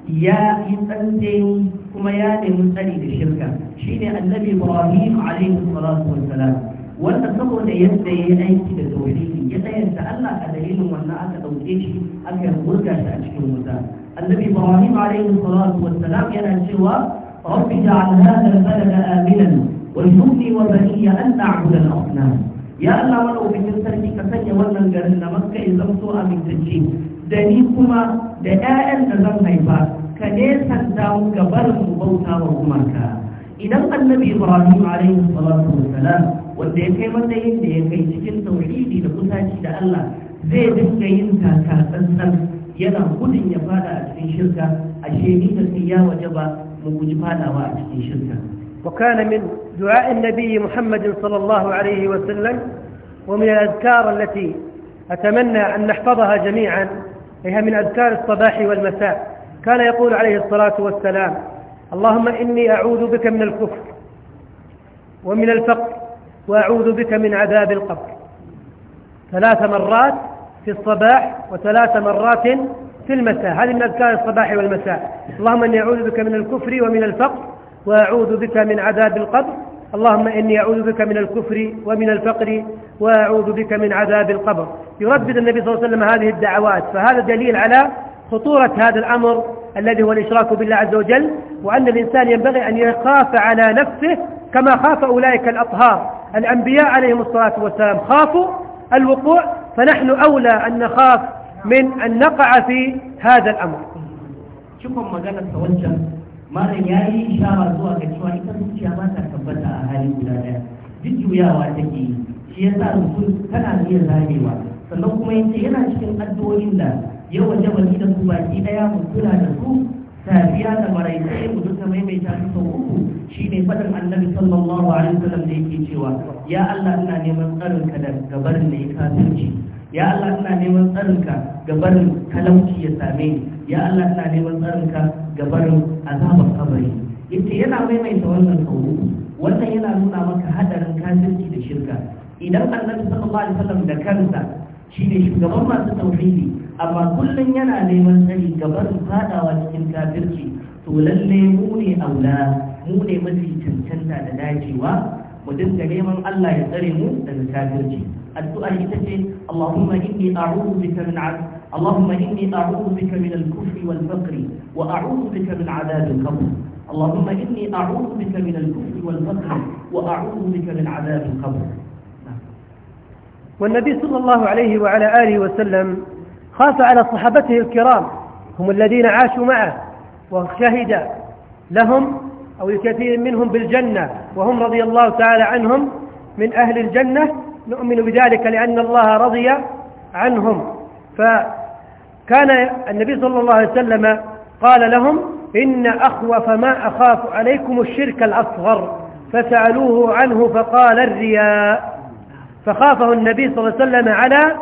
ya yi tsantsayi kuma ya nemi tsari da shirka shi shine annabi ibrahim alaihi salatu wassalam wanda saboda yadda ya yi aiki da tauhidi ya tsayanta Allah a dalilin wannan aka dauke shi aka burga shi a cikin wuta annabi ibrahim alaihi salatu wassalam yana cewa rabbi ja'al hadha al-balada aminan wa wajnubni wa bani an na'budu al-asnam ya Allah mana ubangin sarki ka sanya wannan garin na maska ya zamto amintacce da ni kuma da 'ya'yan da zan haifa ka ne nesanta mu ga barin mu bauta wa gumaka idan annabi ibrahim alaihi salatu wassalam wanda ya kai matsayin da ya kai cikin tauhidi da kusaci da Allah zai dinga yin taka tsantsan yana gudun ya fada a cikin shirka ashe ni da siya waje ba mu guji fadawa a cikin shirka وكان من دعاء النبي محمد صلى الله عليه وسلم ومن الأذكار التي أتمنى أن نحفظها جميعا هي من أذكار الصباح والمساء كان يقول عليه الصلاة والسلام اللهم إني أعوذ بك من الكفر ومن الفقر وأعوذ بك من عذاب القبر ثلاث مرات في الصباح وثلاث مرات في المساء هذه من أذكار الصباح والمساء اللهم إني أعوذ بك من الكفر ومن الفقر وأعوذ بك من عذاب القبر اللهم إني أعوذ بك من الكفر ومن الفقر وأعوذ بك من عذاب القبر يردد النبي صلى الله عليه وسلم هذه الدعوات فهذا دليل على خطورة هذا الأمر الذي هو الإشراك بالله عز وجل وأن الإنسان ينبغي أن يخاف على نفسه كما خاف أولئك الأطهار الأنبياء عليهم الصلاة والسلام خافوا الوقوع فنحن أولى أن نخاف من أن نقع في هذا الأمر شكرا مجانا توجه malam ya yi shawa zuwa ga cewa ita zuciya ba ta tabbata a hali guda ɗaya juyawa take yi shi ya sa rusul tana iya zamewa sannan kuma yace yana cikin addu'o'in da ya waje baki da su baki ɗaya mu kula da su safiya da maraice mu duka maimaita su sau uku ne faɗin annabi sallallahu alaihi wasallam da yake cewa ya Allah ina neman tsarin ka da gabarin da ya kafirci ya Allah ina neman tsarinka ga barin talauci ya same ni ya Allah ina neman tsarinka ga barin azabar kabari yace yana maimaita wannan sau uku wannan yana nuna maka hadarin kafirci da shirka idan annabi sallallahu alaihi wasallam da kansa shine shugaban masu tauhidi amma kullum yana neman tsari ga barin fadawa cikin kafirci to lalle mu ne aula mu ne mafi cancanta da dacewa mu dinga neman Allah ya tsare mu daga kafirci الدعاء يتجي اللهم إني أعوذ بك من عذاب اللهم إني أعوذ بك من الكفر والفقر وأعوذ بك من عذاب القبر اللهم إني أعوذ بك من الكفر والفقر وأعوذ بك من عذاب القبر والنبي صلى الله عليه وعلى آله وسلم خاف على صحابته الكرام هم الذين عاشوا معه وشهد لهم أو لكثير منهم بالجنة وهم رضي الله تعالى عنهم من أهل الجنة نؤمن بذلك لأن الله رضي عنهم فكان النبي صلى الله عليه وسلم قال لهم إن أخوف ما أخاف عليكم الشرك الأصغر فسألوه عنه فقال الرياء فخافه النبي صلى الله عليه وسلم على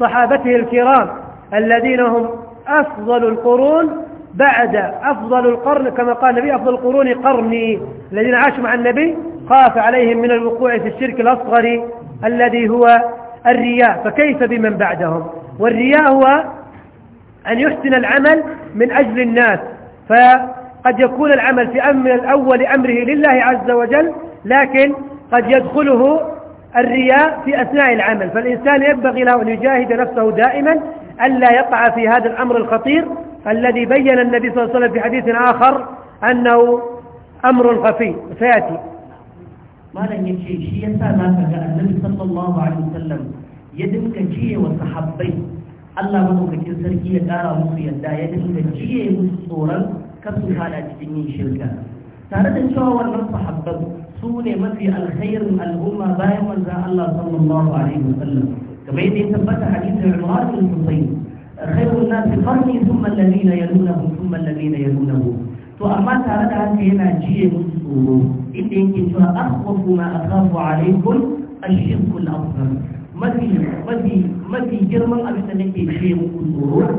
صحابته الكرام الذين هم أفضل القرون بعد أفضل القرن كما قال النبي أفضل القرون قرني الذين عاشوا مع النبي خاف عليهم من الوقوع في الشرك الأصغر الذي هو الرياء فكيف بمن بعدهم والرياء هو أن يحسن العمل من أجل الناس فقد يكون العمل في أمر الأول أمره لله عز وجل لكن قد يدخله الرياء في أثناء العمل فالإنسان ينبغي له أن يجاهد نفسه دائما ألا يقع في هذا الأمر الخطير الذي بين النبي صلى الله عليه وسلم في حديث آخر أنه أمر خفي سيأتي malam ya ce shi ya sa za ka ga annabi sallallahu alaihi wasallam ya dinka ciye wa sahabbai Allah madaukakin sarki ya ƙara musu yadda ya dinka ciye musu tsoron kar su fada cikin yin shirka tare da cewa wannan sahabban su ne mafi alkhairin al'umma bayan manzon Allah sallallahu alaihi wasallam kamar yadda ya tabbata hadisin Imran bin Husayn خير الناس قرني ثم الذين يلونهم ثم الذين يلونهم to amma tare da haka yana jiye musu tsoro inda yake cewa akhwafu ma akhafu alaikum ashirku al-akbar mafi mafi mafi girman abin da nake jiye muku tsoro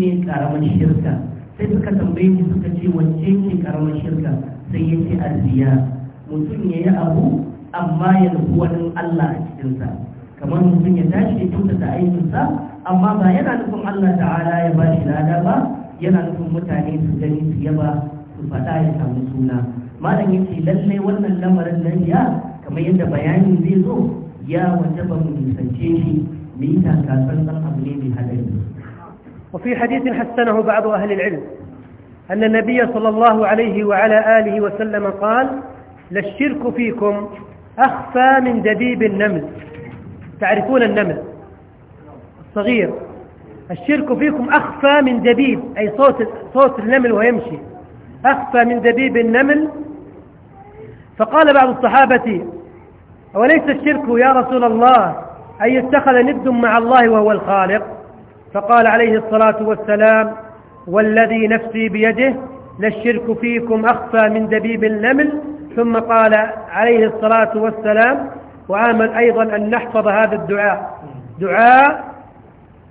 ne karamar shirka sai suka tambaye mu suka ce wacce ce karamar shirka sai ya ce arziya mutum ya yi abu amma ya nufi wani Allah a cikinsa kamar mutum ya tashi ya kyautata aikinsa amma ba yana nufin Allah ta'ala ya ba shi lada ba yana nufin mutane su gani su yaba su faɗa ya samu suna malam yace lalle wannan lamarin nan ya kamar yadda bayanin zai zo ya ba mu nisance shi mu yi takasan san abu ne mai hadari وفي حديث حسنه بعض أهل العلم أن النبي صلى الله عليه وعلى آله وسلم قال للشرك فيكم أخفى من دبيب النمل تعرفون النمل الصغير الشرك فيكم أخفى من دبيب أي صوت, صوت النمل ويمشي أخفى من دبيب النمل فقال بعض الصحابة أوليس الشرك يا رسول الله أن يتخذ ند مع الله وهو الخالق فقال عليه الصلاة والسلام والذي نفسي بيده للشرك فيكم أخفى من دبيب النمل ثم قال عليه الصلاة والسلام وعامل أيضا أن نحفظ هذا الدعاء دعاء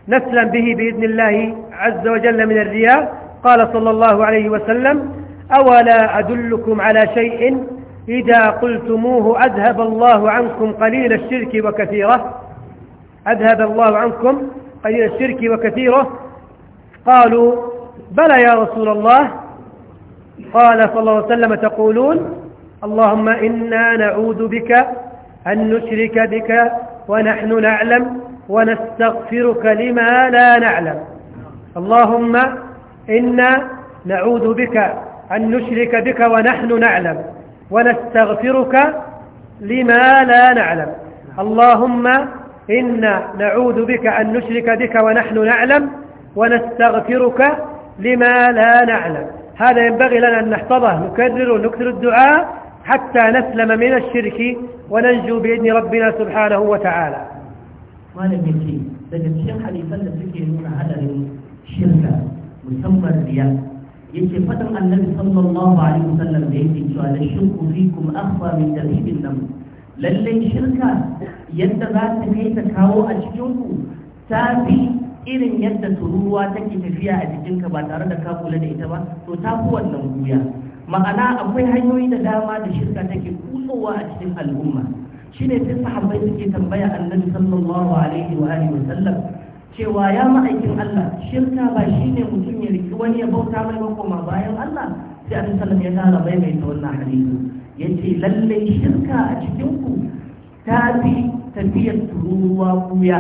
نسلم به بإذن الله عز وجل من الرياء قال صلى الله عليه وسلم أولا أدلكم على شيء إذا قلتموه أذهب الله عنكم قليل الشرك وكثيره أذهب الله عنكم قليل الشرك وكثيره قالوا بلى يا رسول الله قال صلى الله عليه وسلم تقولون اللهم إنا نعوذ بك أن نشرك بك ونحن نعلم ونستغفرك لما لا نعلم اللهم إنا نعوذ بك أن نشرك بك ونحن نعلم ونستغفرك لما لا نعلم اللهم إنا نعوذ بك أن نشرك بك ونحن نعلم ونستغفرك لما لا نعلم هذا ينبغي لنا أن نحفظه نكرر ونكثر الدعاء حتى نسلم من الشرك وننجو بإذن ربنا سبحانه وتعالى malam ya ce daga cikin hadisan da suke nuna hadarin shirka musamman riya yake faɗin annabi sallallahu alaihi wasallam da yake cewa la shirku fikum akhfa min dabibin nam lallai shirka yadda za ta kai ta kawo a cikin ku ta fi irin yadda tururuwa take tafiya a jikinka ba tare da ka kula da ita ba to ta fi wannan guya ma'ana akwai hanyoyi da dama da shirka take kutsowa a cikin al'umma shine sai sahabbai suke tambaya annabi sallallahu alaihi wa alihi wa sallam cewa ya ma'aikin Allah shirka ba shine mutum ya riki wani ya bauta mai ba koma bayan Allah sai annabi sallallahu ya kara bai mai ta wannan hadisi yace lalle shirka a cikin ku ta fi tafiyar tururuwa kuya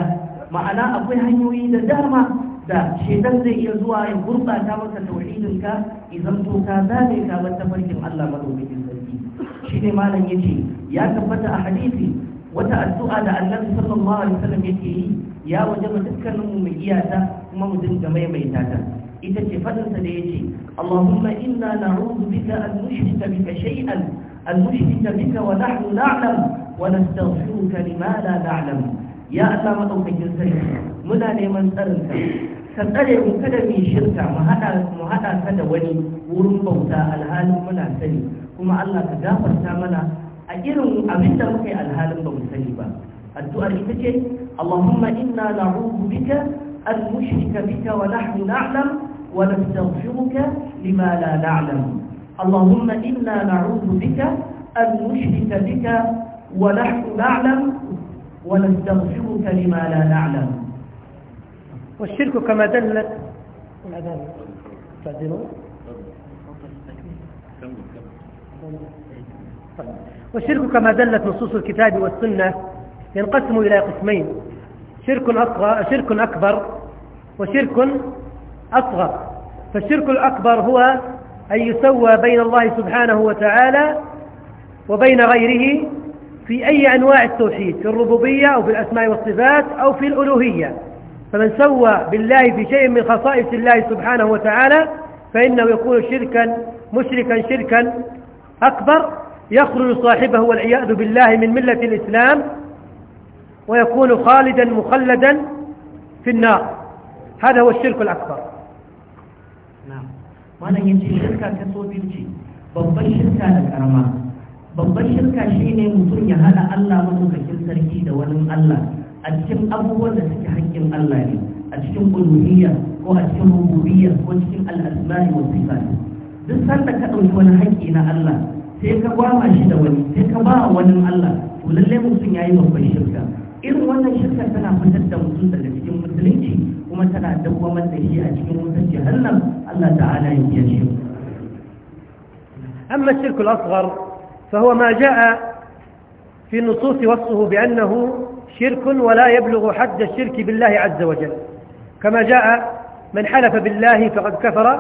ma'ana akwai hanyoyi da dama da shaitan zai iya zuwa ya gurbata maka tauhidinka idan to ka zame ka bar tafarkin Allah madaukakin shine malam yace ya tabbata a hadisi wata addu'a da annabi sallallahu alaihi wasallam yake yi ya wajaba dukkanin mu iyata kuma mu dinga maimaita ta ita ce fadinsa da yace Allahumma inna na'udhu bika an nushrika bika shay'an an nushrika bika wa nahnu na'lam wa nastaghfiruka lima la na'lam ya Allah madaukakin sarki muna neman tsarinka ka tsare mu kada mu yi shirka mu hada mu hada ka da wani wurin bauta alhalin muna sani kuma Allah ka gafarta mana a irin abin da muka yi alhalin ba mu sani ba addu'ar ita ce Allahumma inna na'udhu bika an nushrika bika wa nahnu na'lam wa nastaghfiruka lima la na'lam Allahumma inna na'udhu bika an nushrika bika wa nahnu na'lam wa nastaghfiruka lima la na'lam والشرك كما دلت الأذان تعدلون والشرك كما دلت نصوص الكتاب والسنة ينقسم إلى قسمين شرك أصغر شرك أكبر وشرك أصغر فالشرك الأكبر هو أن يسوى بين الله سبحانه وتعالى وبين غيره في أي أنواع التوحيد في الربوبية أو في الأسماء والصفات أو في الألوهية فمن سوى بالله في شيء من خصائص الله سبحانه وتعالى فإنه يكون شركا مشركا شركا أكبر يخرج صاحبه والعياذ بالله من ملة الإسلام ويكون خالدا مخلدا في النار هذا هو الشرك الأكبر نعم وانا يجي شركة كسوبي بيجي babban shirka da karama babban shirka shine mutum ya hada Allah madaukakin sarki da a cikin abubuwan da suke haƙƙin Allah ne a cikin uluhiyya ko a cikin rububiyya ko cikin al'asma'i wa sifat duk sanda ka ɗauki wani haƙƙi na Allah sai ka gwama shi da wani sai ka ba wani Allah to lallai mutum yayi babban shirka irin wannan shirka tana fitar da mutum daga cikin musulunci kuma tana dawwamar da shi a cikin wutar jahannam Allah ta'ala ya kiyaye أما الشرك الأصغر فهو ما جاء في النصوص وصفه بأنه شرك ولا يبلغ حد الشرك بالله عز وجل كما جاء من حلف بالله فقد كفر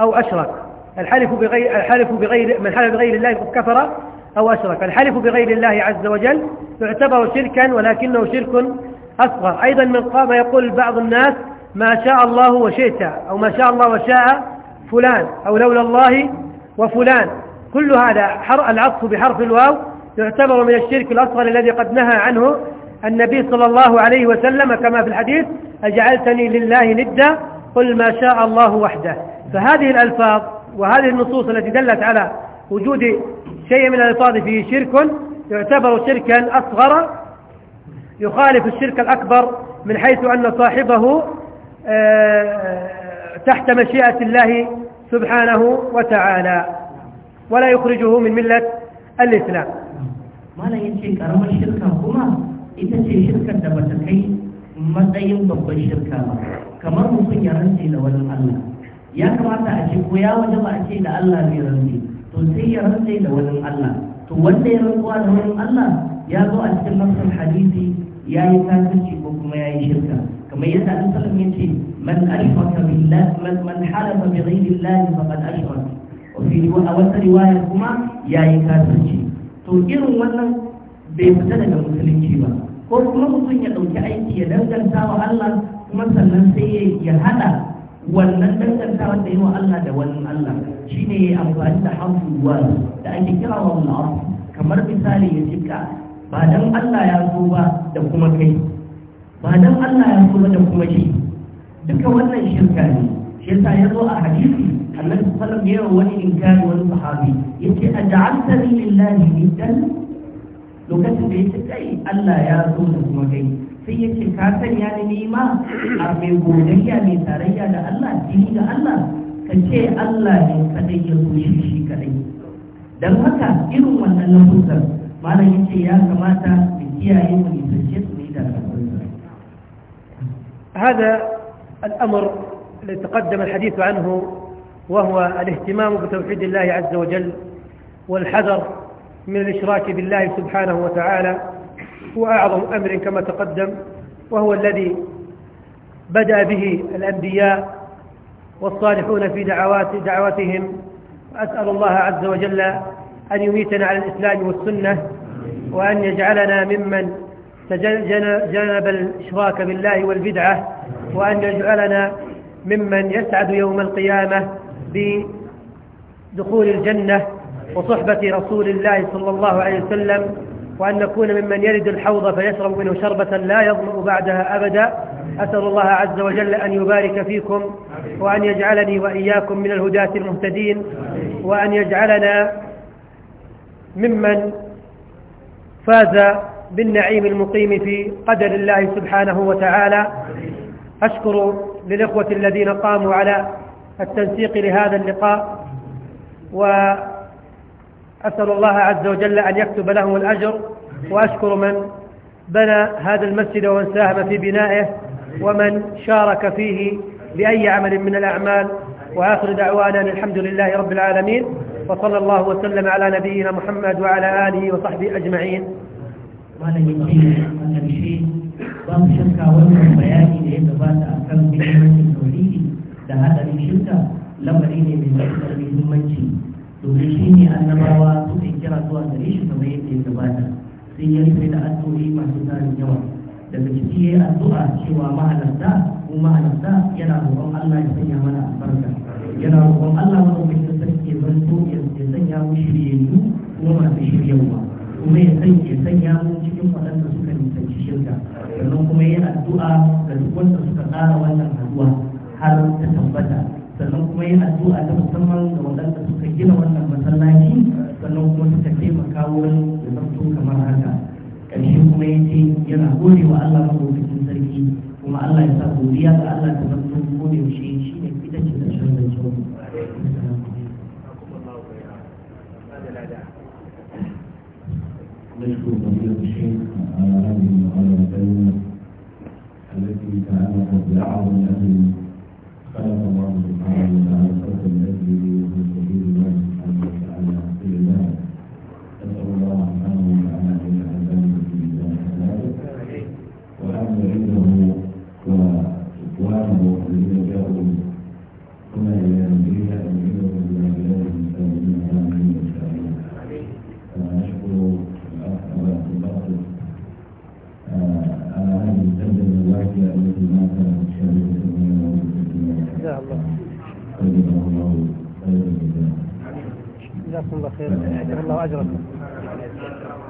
أو أشرك الحلف بغير, الحلف بغير من حلف بغير الله فقد كفر أو أشرك الحلف بغير الله عز وجل يعتبر شركا ولكنه شرك أصغر أيضا من قام يقول بعض الناس ما شاء الله وشئت أو ما شاء الله وشاء فلان أو لولا الله وفلان كل هذا العطف بحرف الواو يعتبر من الشرك الأصغر الذي قد نهى عنه النبي صلى الله عليه وسلم كما في الحديث أجعلتني لله ندا قل ما شاء الله وحده فهذه الألفاظ وهذه النصوص التي دلت على وجود شيء من الألفاظ فيه شرك يعتبر شركا أصغر يخالف الشرك الأكبر من حيث أن صاحبه آه، تحت مشيئة الله سبحانه وتعالى ولا يخرجه من ملة الإسلام ما لا ينشي أرمى الشرك هما ita ce shirkar da bata kai matsayin babban shirka ba kamar mutum ya rantse da wani Allah ya kamata a ce ko ya waje ba a ce da Allah zai rantse to sai ya rantse da wani Allah to wanda ya rantsuwa da wani Allah ya zo a cikin nassin hadisi ya yi kafirci ko kuma ya yi shirka kamar yadda an sallam ya ce man ashraka billahi man man halafa bi ghayri llahi faqad ashraka wa fi wata riwaya kuma ya yi kafirci to irin wannan bai fita daga musulunci ba ko kuma mutum ya ɗauki aiki ya danganta wa Allah kuma sannan sai ya haɗa wannan danganta dangantawa yi wa Allah da wannan Allah shi ne ya amfani da hamduwa da ake kira wa mul'af kamar misali ya cika ba dan Allah ya zo ba da kuma kai ba dan Allah ya zo ba da kuma shi duka wannan shirka ne shi yasa ya zo a hadisi annabi sallallahu alaihi wasallam ya wani inkari wani sahabi yace aj'altani lillahi niddan lokacin da yake kai Allah ya so da kuma kai sai ya ce ka sanya ni nima a mai godayya mai tarayya da Allah jini da Allah ka ce Allah ne kadai ya so shi shi kadai dan haka irin wannan lafuzar malam yace ya kamata mu kiyaye mu nisanci su ne da هذا الأمر الذي تقدم الحديث عنه وهو الاهتمام بتوحيد الله عز وجل والحذر من الإشراك بالله سبحانه وتعالى هو أعظم أمر كما تقدم وهو الذي بدأ به الأنبياء والصالحون في دعوات دعواتهم أسأل الله عز وجل أن يميتنا على الإسلام والسنة وأن يجعلنا ممن تجنب الإشراك بالله والبدعة وأن يجعلنا ممن يسعد يوم القيامة بدخول الجنة وصحبة رسول الله صلى الله عليه وسلم وأن نكون ممن يرد الحوض فيشرب منه شربة لا يظلم بعدها أبدا أسأل الله عز وجل أن يبارك فيكم وأن يجعلني وإياكم من الهداة المهتدين وأن يجعلنا ممن فاز بالنعيم المقيم في قدر الله سبحانه وتعالى أشكر للإخوة الذين قاموا على التنسيق لهذا اللقاء وأشكر أسأل الله عز وجل أن يكتب لهم الأجر وأشكر من بنى هذا المسجد ومن ساهم في بنائه ومن شارك فيه بأي عمل من الأعمال وآخر دعوانا الحمد لله رب العالمين وصلى الله وسلم على نبينا محمد وعلى آله وصحبه أجمعين malam yake a ƙarshe babu shakka wannan bayani da ya gabata a kan muhimmancin tauhidi da haɗarin shirka lamari ne mai domin shi ne annabawa suka kira zuwa gare shi kamar yadda ya gabata sai ya rufe da addu'o'i masu tarin yawa daga ciki ya yi addu'a cewa mahalarta ko mahalarta yana roƙon Allah ya sanya mana albarka yana roƙon Allah madaukakin sarki ya zanto ya sanya mu shiryayyu kuma masu shiryawa kuma ya sanya mu cikin waɗanda suka nisanci shirka sannan kuma ya addu'a ga duk wanda suka tsara wannan 谢谢大 جزاكم الله خير الله اجركم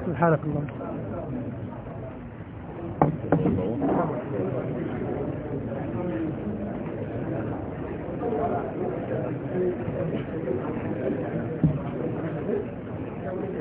سبحانك اللهم